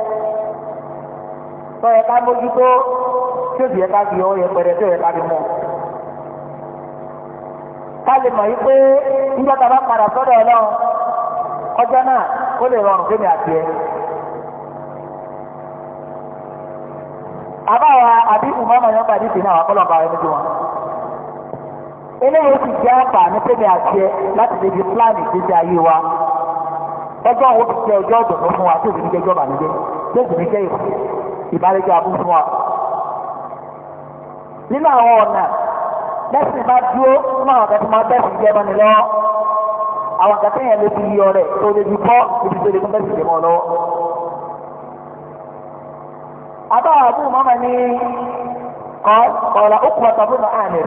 tọ́yẹ ká mójútó tí òbí yẹ ká fi ọwọ́ yẹpẹrẹ tí òyẹ ká fi mú. ká lè mọ̀ yí pé nígbà tá a bá padà sọ́dọ̀ ẹ náà ọjọ́ náà ó lè rọrùn fún mi àti ẹ. àbáwa àbí ìmọ̀ọ́mọ̀ yẹn pàdé sí wa òun ti jẹ́ ọjọ́ ọ̀dọ̀ tó fún wa ìbáraẹjọ àbúrò wa nínú àwọn ọ̀nà lẹ́sìn bá dúró nínú àwọn kẹtì máa bẹ́sìn jẹ́ mọ́ni lọ́wọ́ àwọn kẹtì yẹn lè fi yọ rẹ̀ tó lè fi bọ́ ibi tó lè fún bẹ́sìn jẹ́ mọ́ lọ́wọ́. àbáwọ̀ àbúrò mọ́mọ́ ni kọ́ọ̀lá ó kú ọ̀tọ̀ bùnú àmì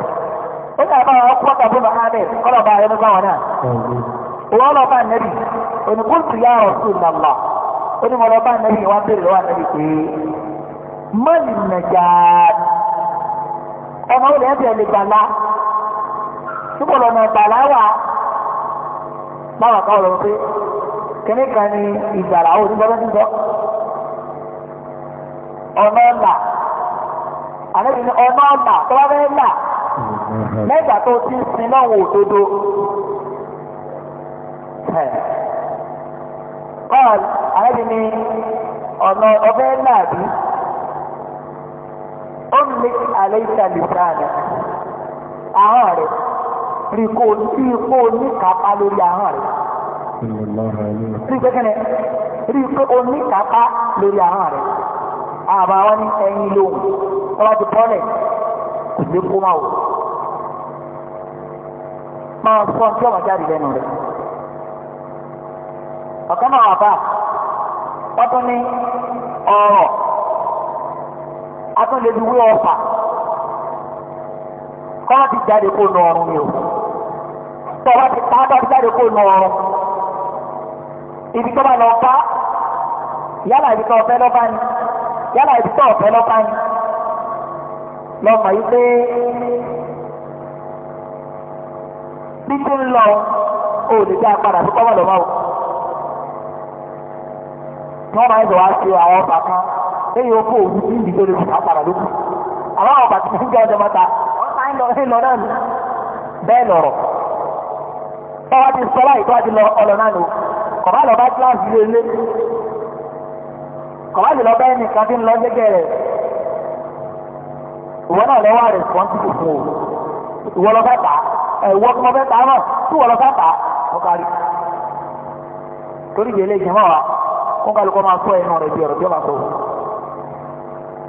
ó ní àbáwọ̀ ó kú ọ̀tọ̀ bùnú àmì kọ́lọ̀ bá ayé nígbà wọn náà. wọ́n lọ bá nẹ́bì onígbóntì yà rọ̀ sí ìlànà onímọ̀ lọ mọ́lì nàjàd ọmọ ilẹ̀ ẹ̀bẹ̀ lè gbàlá túbọ̀ lọ́nà ìgbàlá wà báwa ká ọ̀rọ̀ pé kíní kan ní ìgbàlá ó ní bọ́lá dídọ́ ọ̀nà ọ̀là àlejò ní ọ̀nà ọ̀là tó bá fẹ́ là lẹ́gbàá tó ti sin náà wò òdodo. Kọ́ọ̀lù àlejò ní ọ̀nà ọbẹ̀ náà bí ọ̀nlẹ̀ àlẹ́sà lìsàánà ahọ́n rẹ̀ rí kó tí kó ní kápá lórí ahọ́n rẹ̀. rí kẹ́kẹ́rẹ́ rí kó ní kápá lórí ahọ́n rẹ̀. àbá wọn ní ẹyin lóhùn wọn ti bọ́lẹ̀ kò sí kó máa wò. máa sọ tí ọmọ jáde lẹ́nu rẹ̀. ọ̀kan náà wà bá wọ́n ní ọ̀rọ̀ atúnlẹ̀bi wé ọ̀fà kọ́lá ti jáde kó nù ọrùn ni o tọ́lá ti pa bá ti jáde kó nù ọrùn ibi tó bá lọ bá yálà ibi tó ọ̀fẹ́ lọ́ba ni yálà ibi tó ọ̀fẹ́ lọ́ba ni lọ́mọ yìí pé títí ń lọ o lè dá padà tó kọ́mọ̀ o. wọ́n máa ń sọ wá sí àwọn ọba kan lẹ́yìn oko òwú tí ìdí tó lè fi àpàrà lókù àwọn ọ̀bà tí ń jẹ́ ọjọ́ mọ́ta wọ́n sá ń lọ sí lọ náà bẹ́ẹ̀ lọ̀rọ̀ ọwọ́ ti sọ láì tó àti lọ ọlọ náà lò kọ̀bá lọ bá kíláàsì lé lé kọ̀bá lè lọ bá ẹnì kan tí ń lọ gẹ́gẹ́ rẹ̀ ìwọ náà lọ́wọ́ rẹ̀ fọ́n ti fò ìwọ lọ fẹ́ pa ẹ̀wọ́ kí mo fẹ́ pa náà tí ìwọ lọ fẹ́ pa mo kárí torí ìyẹlé ìjẹmọ́ wa kó kálukọ́ máa sọ ẹnu rẹ̀ bí ọ̀rọ̀ bí ọ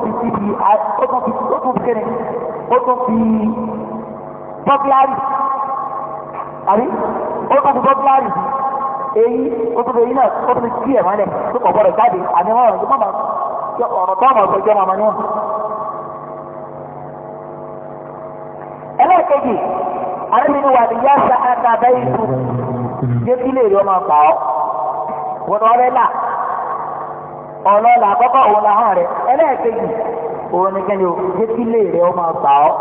tún fi síbi ó tún fi ó tún fi kéde ó tún fi bọ́bíárì àbí ó tún fi bọ́bíárì èyí ó tún fi èyí náà ó tún fi kí ẹ̀ mọ́lẹ̀ tó kọ̀ bọ́dọ̀ jáde àmì wọn ọ̀rọ̀ tó ọ̀rọ̀ tó ọmọ ọ̀sọ̀ jẹ́ màmá níwọ̀n. ẹlẹ́ẹ̀kejì àrẹ́mìnú wà ní yáṣà àtàbẹ́yìí tó yé kí rí ọmọ àpá wọ́n wọ́n rẹ́ náà ọlọ́la àkọ́kọ́ òun làwọn rẹ̀ ẹlẹ́ẹ̀kejì òun ni kẹ́ni o jẹ́ kí lè rẹ̀ ọmọ gbà ọ́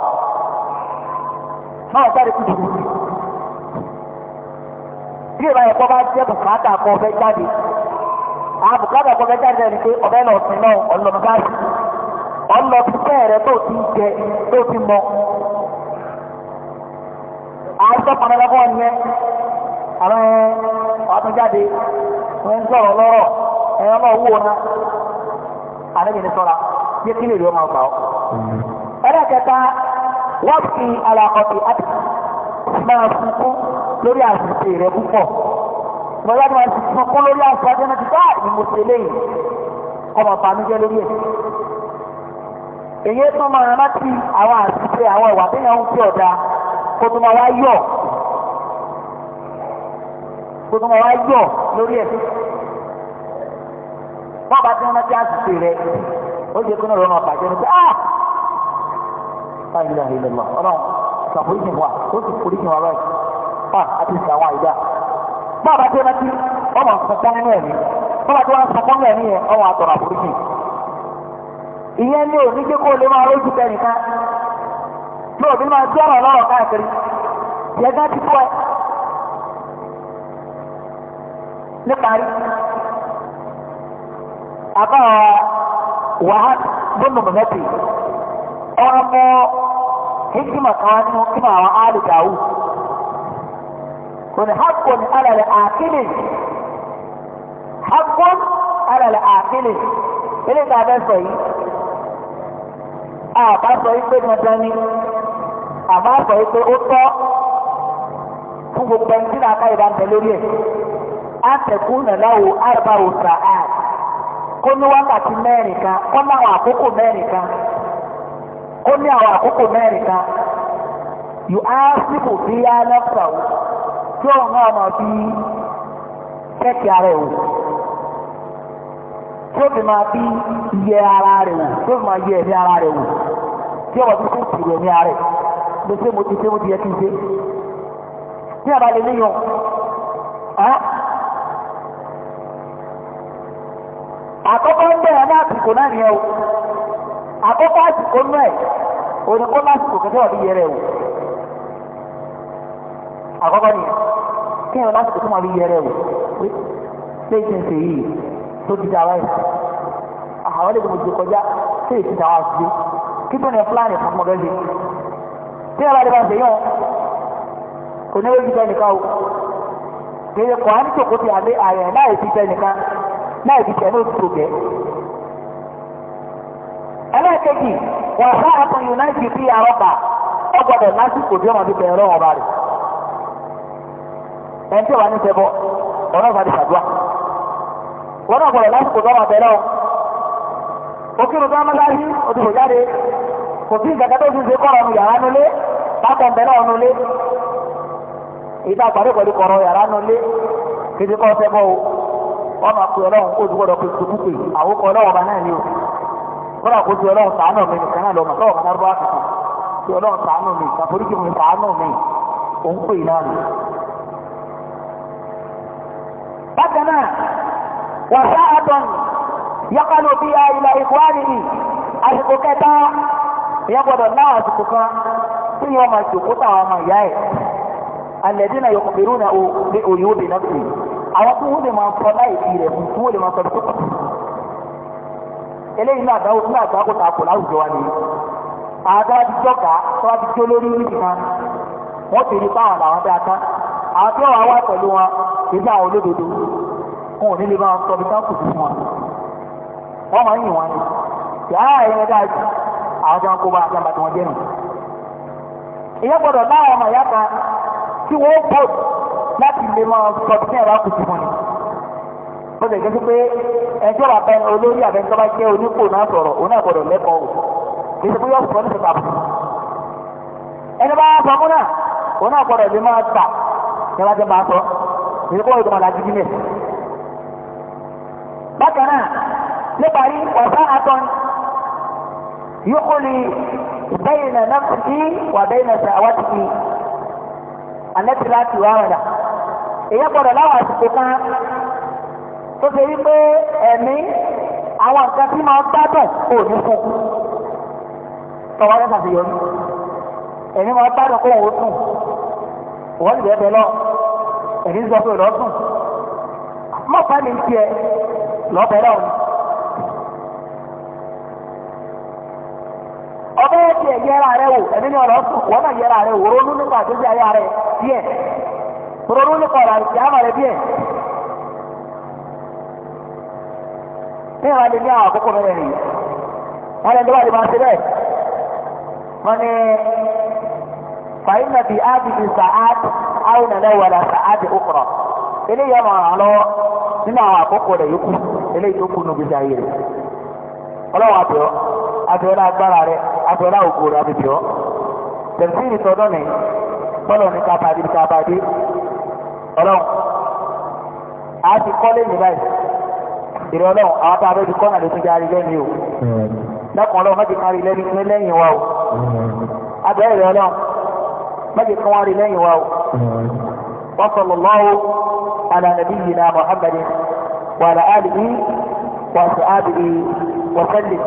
máa sáré kùtùkù bí ìbá ẹ̀kọ́ bá jẹ́ bùkátà kọ́ ọbẹ̀ jáde àwọn bùkátà kọ́ ọbẹ̀ jáde rẹ̀ ni pé ọbẹ̀ náà ọ̀sìn náà ọlọ́mọgáàsì ọlọ́pìtẹ́ rẹ̀ tó ti jẹ tó ti mọ àìsàn pàmẹ́lẹ́kọ́ ọ̀nìyẹn àwọn ọ̀tún jáde wọ́n ń sọ̀rọ̀ lọ́rọ̀ ẹ̀yàn máa wú ọ̀nà àlẹ́bìnrin sọ́ra yé kí lè rí ọmọ ọgbà ọ. ẹlẹ́kẹta wọ́n fi alakọ̀tì àti máa sunkún lórí àṣìṣe rẹ púpọ̀ bọ́lá ni wọ́n ti sunkún lórí àṣìṣe náà ti bá ìmọ̀tẹ́ lẹ́yìn ọmọ ìbànújẹ́ lórí ẹ̀. èyí tún máa rántí àwọn àṣìṣe àwọn ìwà téèyàn ń fi ọ̀dà kó tó máa wá yọ̀ kó tó máa wá yọ̀ lórí ẹ̀ bàbá tí wọ́n rántí àṣìṣe rẹ̀ ó jẹ́ kí wọ́n rọrùn ní pé ah báyìí lọ́wọ́ ilẹ̀ lọ ọlọ́run ṣàforíjì wa ó sì foríjì wa rẹ̀ ah àti ìṣàwọn àìdá bàbá tí wọ́n rántí ọmọ sọ̀tọ́ nínú ẹ̀mí bàbá tí wọ́n sọ̀tọ́ nínú ẹ̀mí yẹn ọmọ àtọ̀rọ̀ àforíjì ìyẹn ní òní jẹ́ kó lè máa lójú tẹnìkan tí òbí máa jẹ́ ọ̀rọ̀ lọ́rọ̀ káàkiri yẹn gá ti tó ẹ níparí àbáwá wàhán bọ́nà mọ̀mẹ́tì ọ̀rọ̀ mọ́ hikima kan nínú hikima àwọn alìdáwù kò ní hakùn alàlẹ̀ àkílì hakùn alàlẹ̀ àkílì ilé ìta abẹ́ sọ yìí àbá sọ yìí pé dandan ni àbá sọ yìí pé ó tọ́ fún gbogbo ẹni tí náà ká ìdá ń bẹ lórí ẹ̀ á tẹ̀kú nàláwò àrùbáwò sàá kó ní wákàtí mẹ́rin kan kó ní àwọn àkókò mẹ́rin kan kó ní àwọn àkókò mẹ́rin kan yóò á sípò bí á lọ́pọ̀ tí òun náà mọ̀ bí kẹ́kì ara ẹ̀ wò tí ó fi máa bí iye ara rẹ̀ wò tí ó fi máa yẹ ẹ̀mí ara rẹ̀ wò tí ó wọ́n ti fún ìrẹ̀mí ara rẹ̀ lè ṣe mo ti ṣe mo ti yẹ kí n ṣe. ní àbálẹ̀ níyàn àsìkò náà nìyẹn o àkọ́kọ́ àsìkò nú ẹ̀ òní kó lásìkò kẹtẹ́ ọ̀dí yẹrẹ wò àkọ́kọ́ nìyẹn kí ẹ̀rọ lásìkò tó máa rí yẹrẹ o, pé ṣé ìṣẹ̀ṣẹ̀ yìí tó ti dára ẹ̀ àwọn ẹ̀dẹ́gbẹ̀mọ̀ ti kọjá ṣé èsì dára sí kí tó ní ẹ̀ fúlàní fún ọmọdé ṣe tí ẹ̀rọ adé bá ń ṣe yàn kò ní wéjì tẹ́ nìkan o kì í ṣe kò á ní tòkó ti àlẹ́ àyẹ̀ láì fi tẹ́ nìkan láì fi tẹ́ ní òtútù gẹ̀ẹ́ ẹlẹ́kẹ̀jì wà á àtàn yunifásitì bíi àrọ́bà ọgbọ́dọ̀ lásìkò bí ọmọdé bẹ̀rẹ̀ lọ́wọ́ ọba rẹ̀ ẹni tí wà ní sẹ́bọ̀ ọ̀nà ìfàdí sàdúà wọn náà gbọ́dọ̀ lásìkò bí ọmọ bẹ̀rẹ̀ lọ́wọ́ òkèrè bí ọmọ láyé òdìbò jáde kò sí ìgbàgbọ́ tó ti ṣe kọ́ ọ̀nù yàrá nulẹ̀ bákan bẹ̀rẹ̀ ọ̀nù lé ìdá àgbàdo pẹ̀lú kọ̀rọ̀ yàrá nulẹ̀ kéde kọ́ o wọn máa pè ọlọ́run o dúró lọ pé sùkúkè kọ́lá kó ti ọlọ́run sàánù mi nìkan náà lọ mà sọ́wọ́ kanáà bá kàkà ti ọlọ́run sàánù mi ṣàforíjì mi sàánù mi òun pè náà nì. bákan náà wọ́n sá àtọ̀n yọ́kànnù bí i ilẹ̀ ìkúránì yìí àsìkò kẹta ìyẹn gbọ́dọ̀ àsìkò kan tí yọ́n máa jòkó táwọn ọmọ ìyá ẹ̀ alẹ́dínà yọkùnrin náà òyìnbó náà sí àwọn tí wọ́n lè máa láì fi rẹ̀ fún tí wọ́n lè máa sọ eléyìí náà dáwọ́ sí àgbákò tààkò láwùjọ wa nìyí àdáwà ti jọ́ka tọ́wọ́ ti jó lórí níbi kan wọ́n ti rí fáwọn làwọn bẹ́ẹ̀ tán àwọn tí wọ́n wá pẹ̀lú wọn ìdí àwọn olódodo wọn ò nílé máa sọ bí sáà kù sí wọn wọ́n máa ń yìn wọn ni yàrá ẹ̀yẹ dájú àwọn tí wọ́n kó bá àjàmbá tí wọ́n jẹ́ nù. ìyẹn gbọ́dọ̀ láwọn ọmọ ìyá kan tí wọ́n bọ̀ láti lè máa sọ bí sáà kù sí wọn ni bó ṣe jẹ́ sí pé ẹjọ́ àbẹ olórí àbẹ tó bá jẹ́ onípò náà sọ̀rọ̀ òun náà gbọ́dọ̀ lẹ́kọ̀ọ́ o kì í ṣe pé yóò sọ nípa tàbí. ẹni bá sọ fún náà òun náà gbọ́dọ̀ lè máa tà ní wájú máa sọ ìdíkọ́ ìdùnnú àlájú nílẹ̀. bákan náà níparí ọ̀sán àtọ́ni yóò lè bẹ́yìn náà náà sí wà bẹ́yìn náà sàwátì kì í ànẹ́tì wàdà. èyí gbọ́dọ̀ láwọn àsìkò kan tó ṣe rí pé ẹ̀mí àwọn nǹkan tí máa gbádùn kò ní fún tọwọ́ lẹ́sà sí yọrí ẹ̀mí máa gbádùn kó wọ́n sùn wọ́n lè bẹ́ẹ̀ lọ ẹ̀mí sọ pé lọ́sùn mọ̀pá lè tiẹ̀ lọ́bẹ̀ náà ọbẹ̀ yẹn tiẹ̀ yẹra rẹ wò ẹ̀mí ni ọ̀rọ̀ wọ́n náà yẹra rẹ wò ronú nípa àtúnṣe ayé rẹ díẹ̀ ronú nípa ọ̀rọ̀ àti àmọ̀ díẹ̀. ní ìwà lè ní àwọn àkókò mẹ́rin nìyí wọ́n lè dọ́wọ́ lè máa ṣe bẹ́ẹ̀ wọ́n ní fàyínà bíi ábìbí sàáàdì áwùnà lẹ́wọ̀lá sàáàdì òkùrọ̀ eléyìí ọmọ àwọn lọ́wọ́ nínú àwọn àkókò rẹ̀ yókù eléyìí tó kù nùgbèsè ayé rẹ̀ ọlọ́wọ́ àbẹ̀ọ́ àbẹ̀ọ́lá agbára rẹ̀ àbẹ̀ọ́lá ògo rẹ̀ àbẹ̀bẹ̀ọ́ tẹ̀síìrì tọ́dọ̀ ní bọ́lọ̀ ní kápádé kápádé ọlọ́run àá ti kọ́lé ní báyìí ìrẹ́ ọlọ́run àwọn tá a bẹ́ẹ̀ di kọ́nà ló tún járe lẹ́ni o lẹ́kùn ọlọ́run mẹ́jì kan rí lẹ́ni lẹ́yìn wa o abẹ́rẹ́ ìrẹ́ ọlọ́run mẹ́jì kan wá rí lẹ́yìn wa o wa sallallahu ala nabiyyina Muhammadin wa ala alihi wa sahbihi wa sallim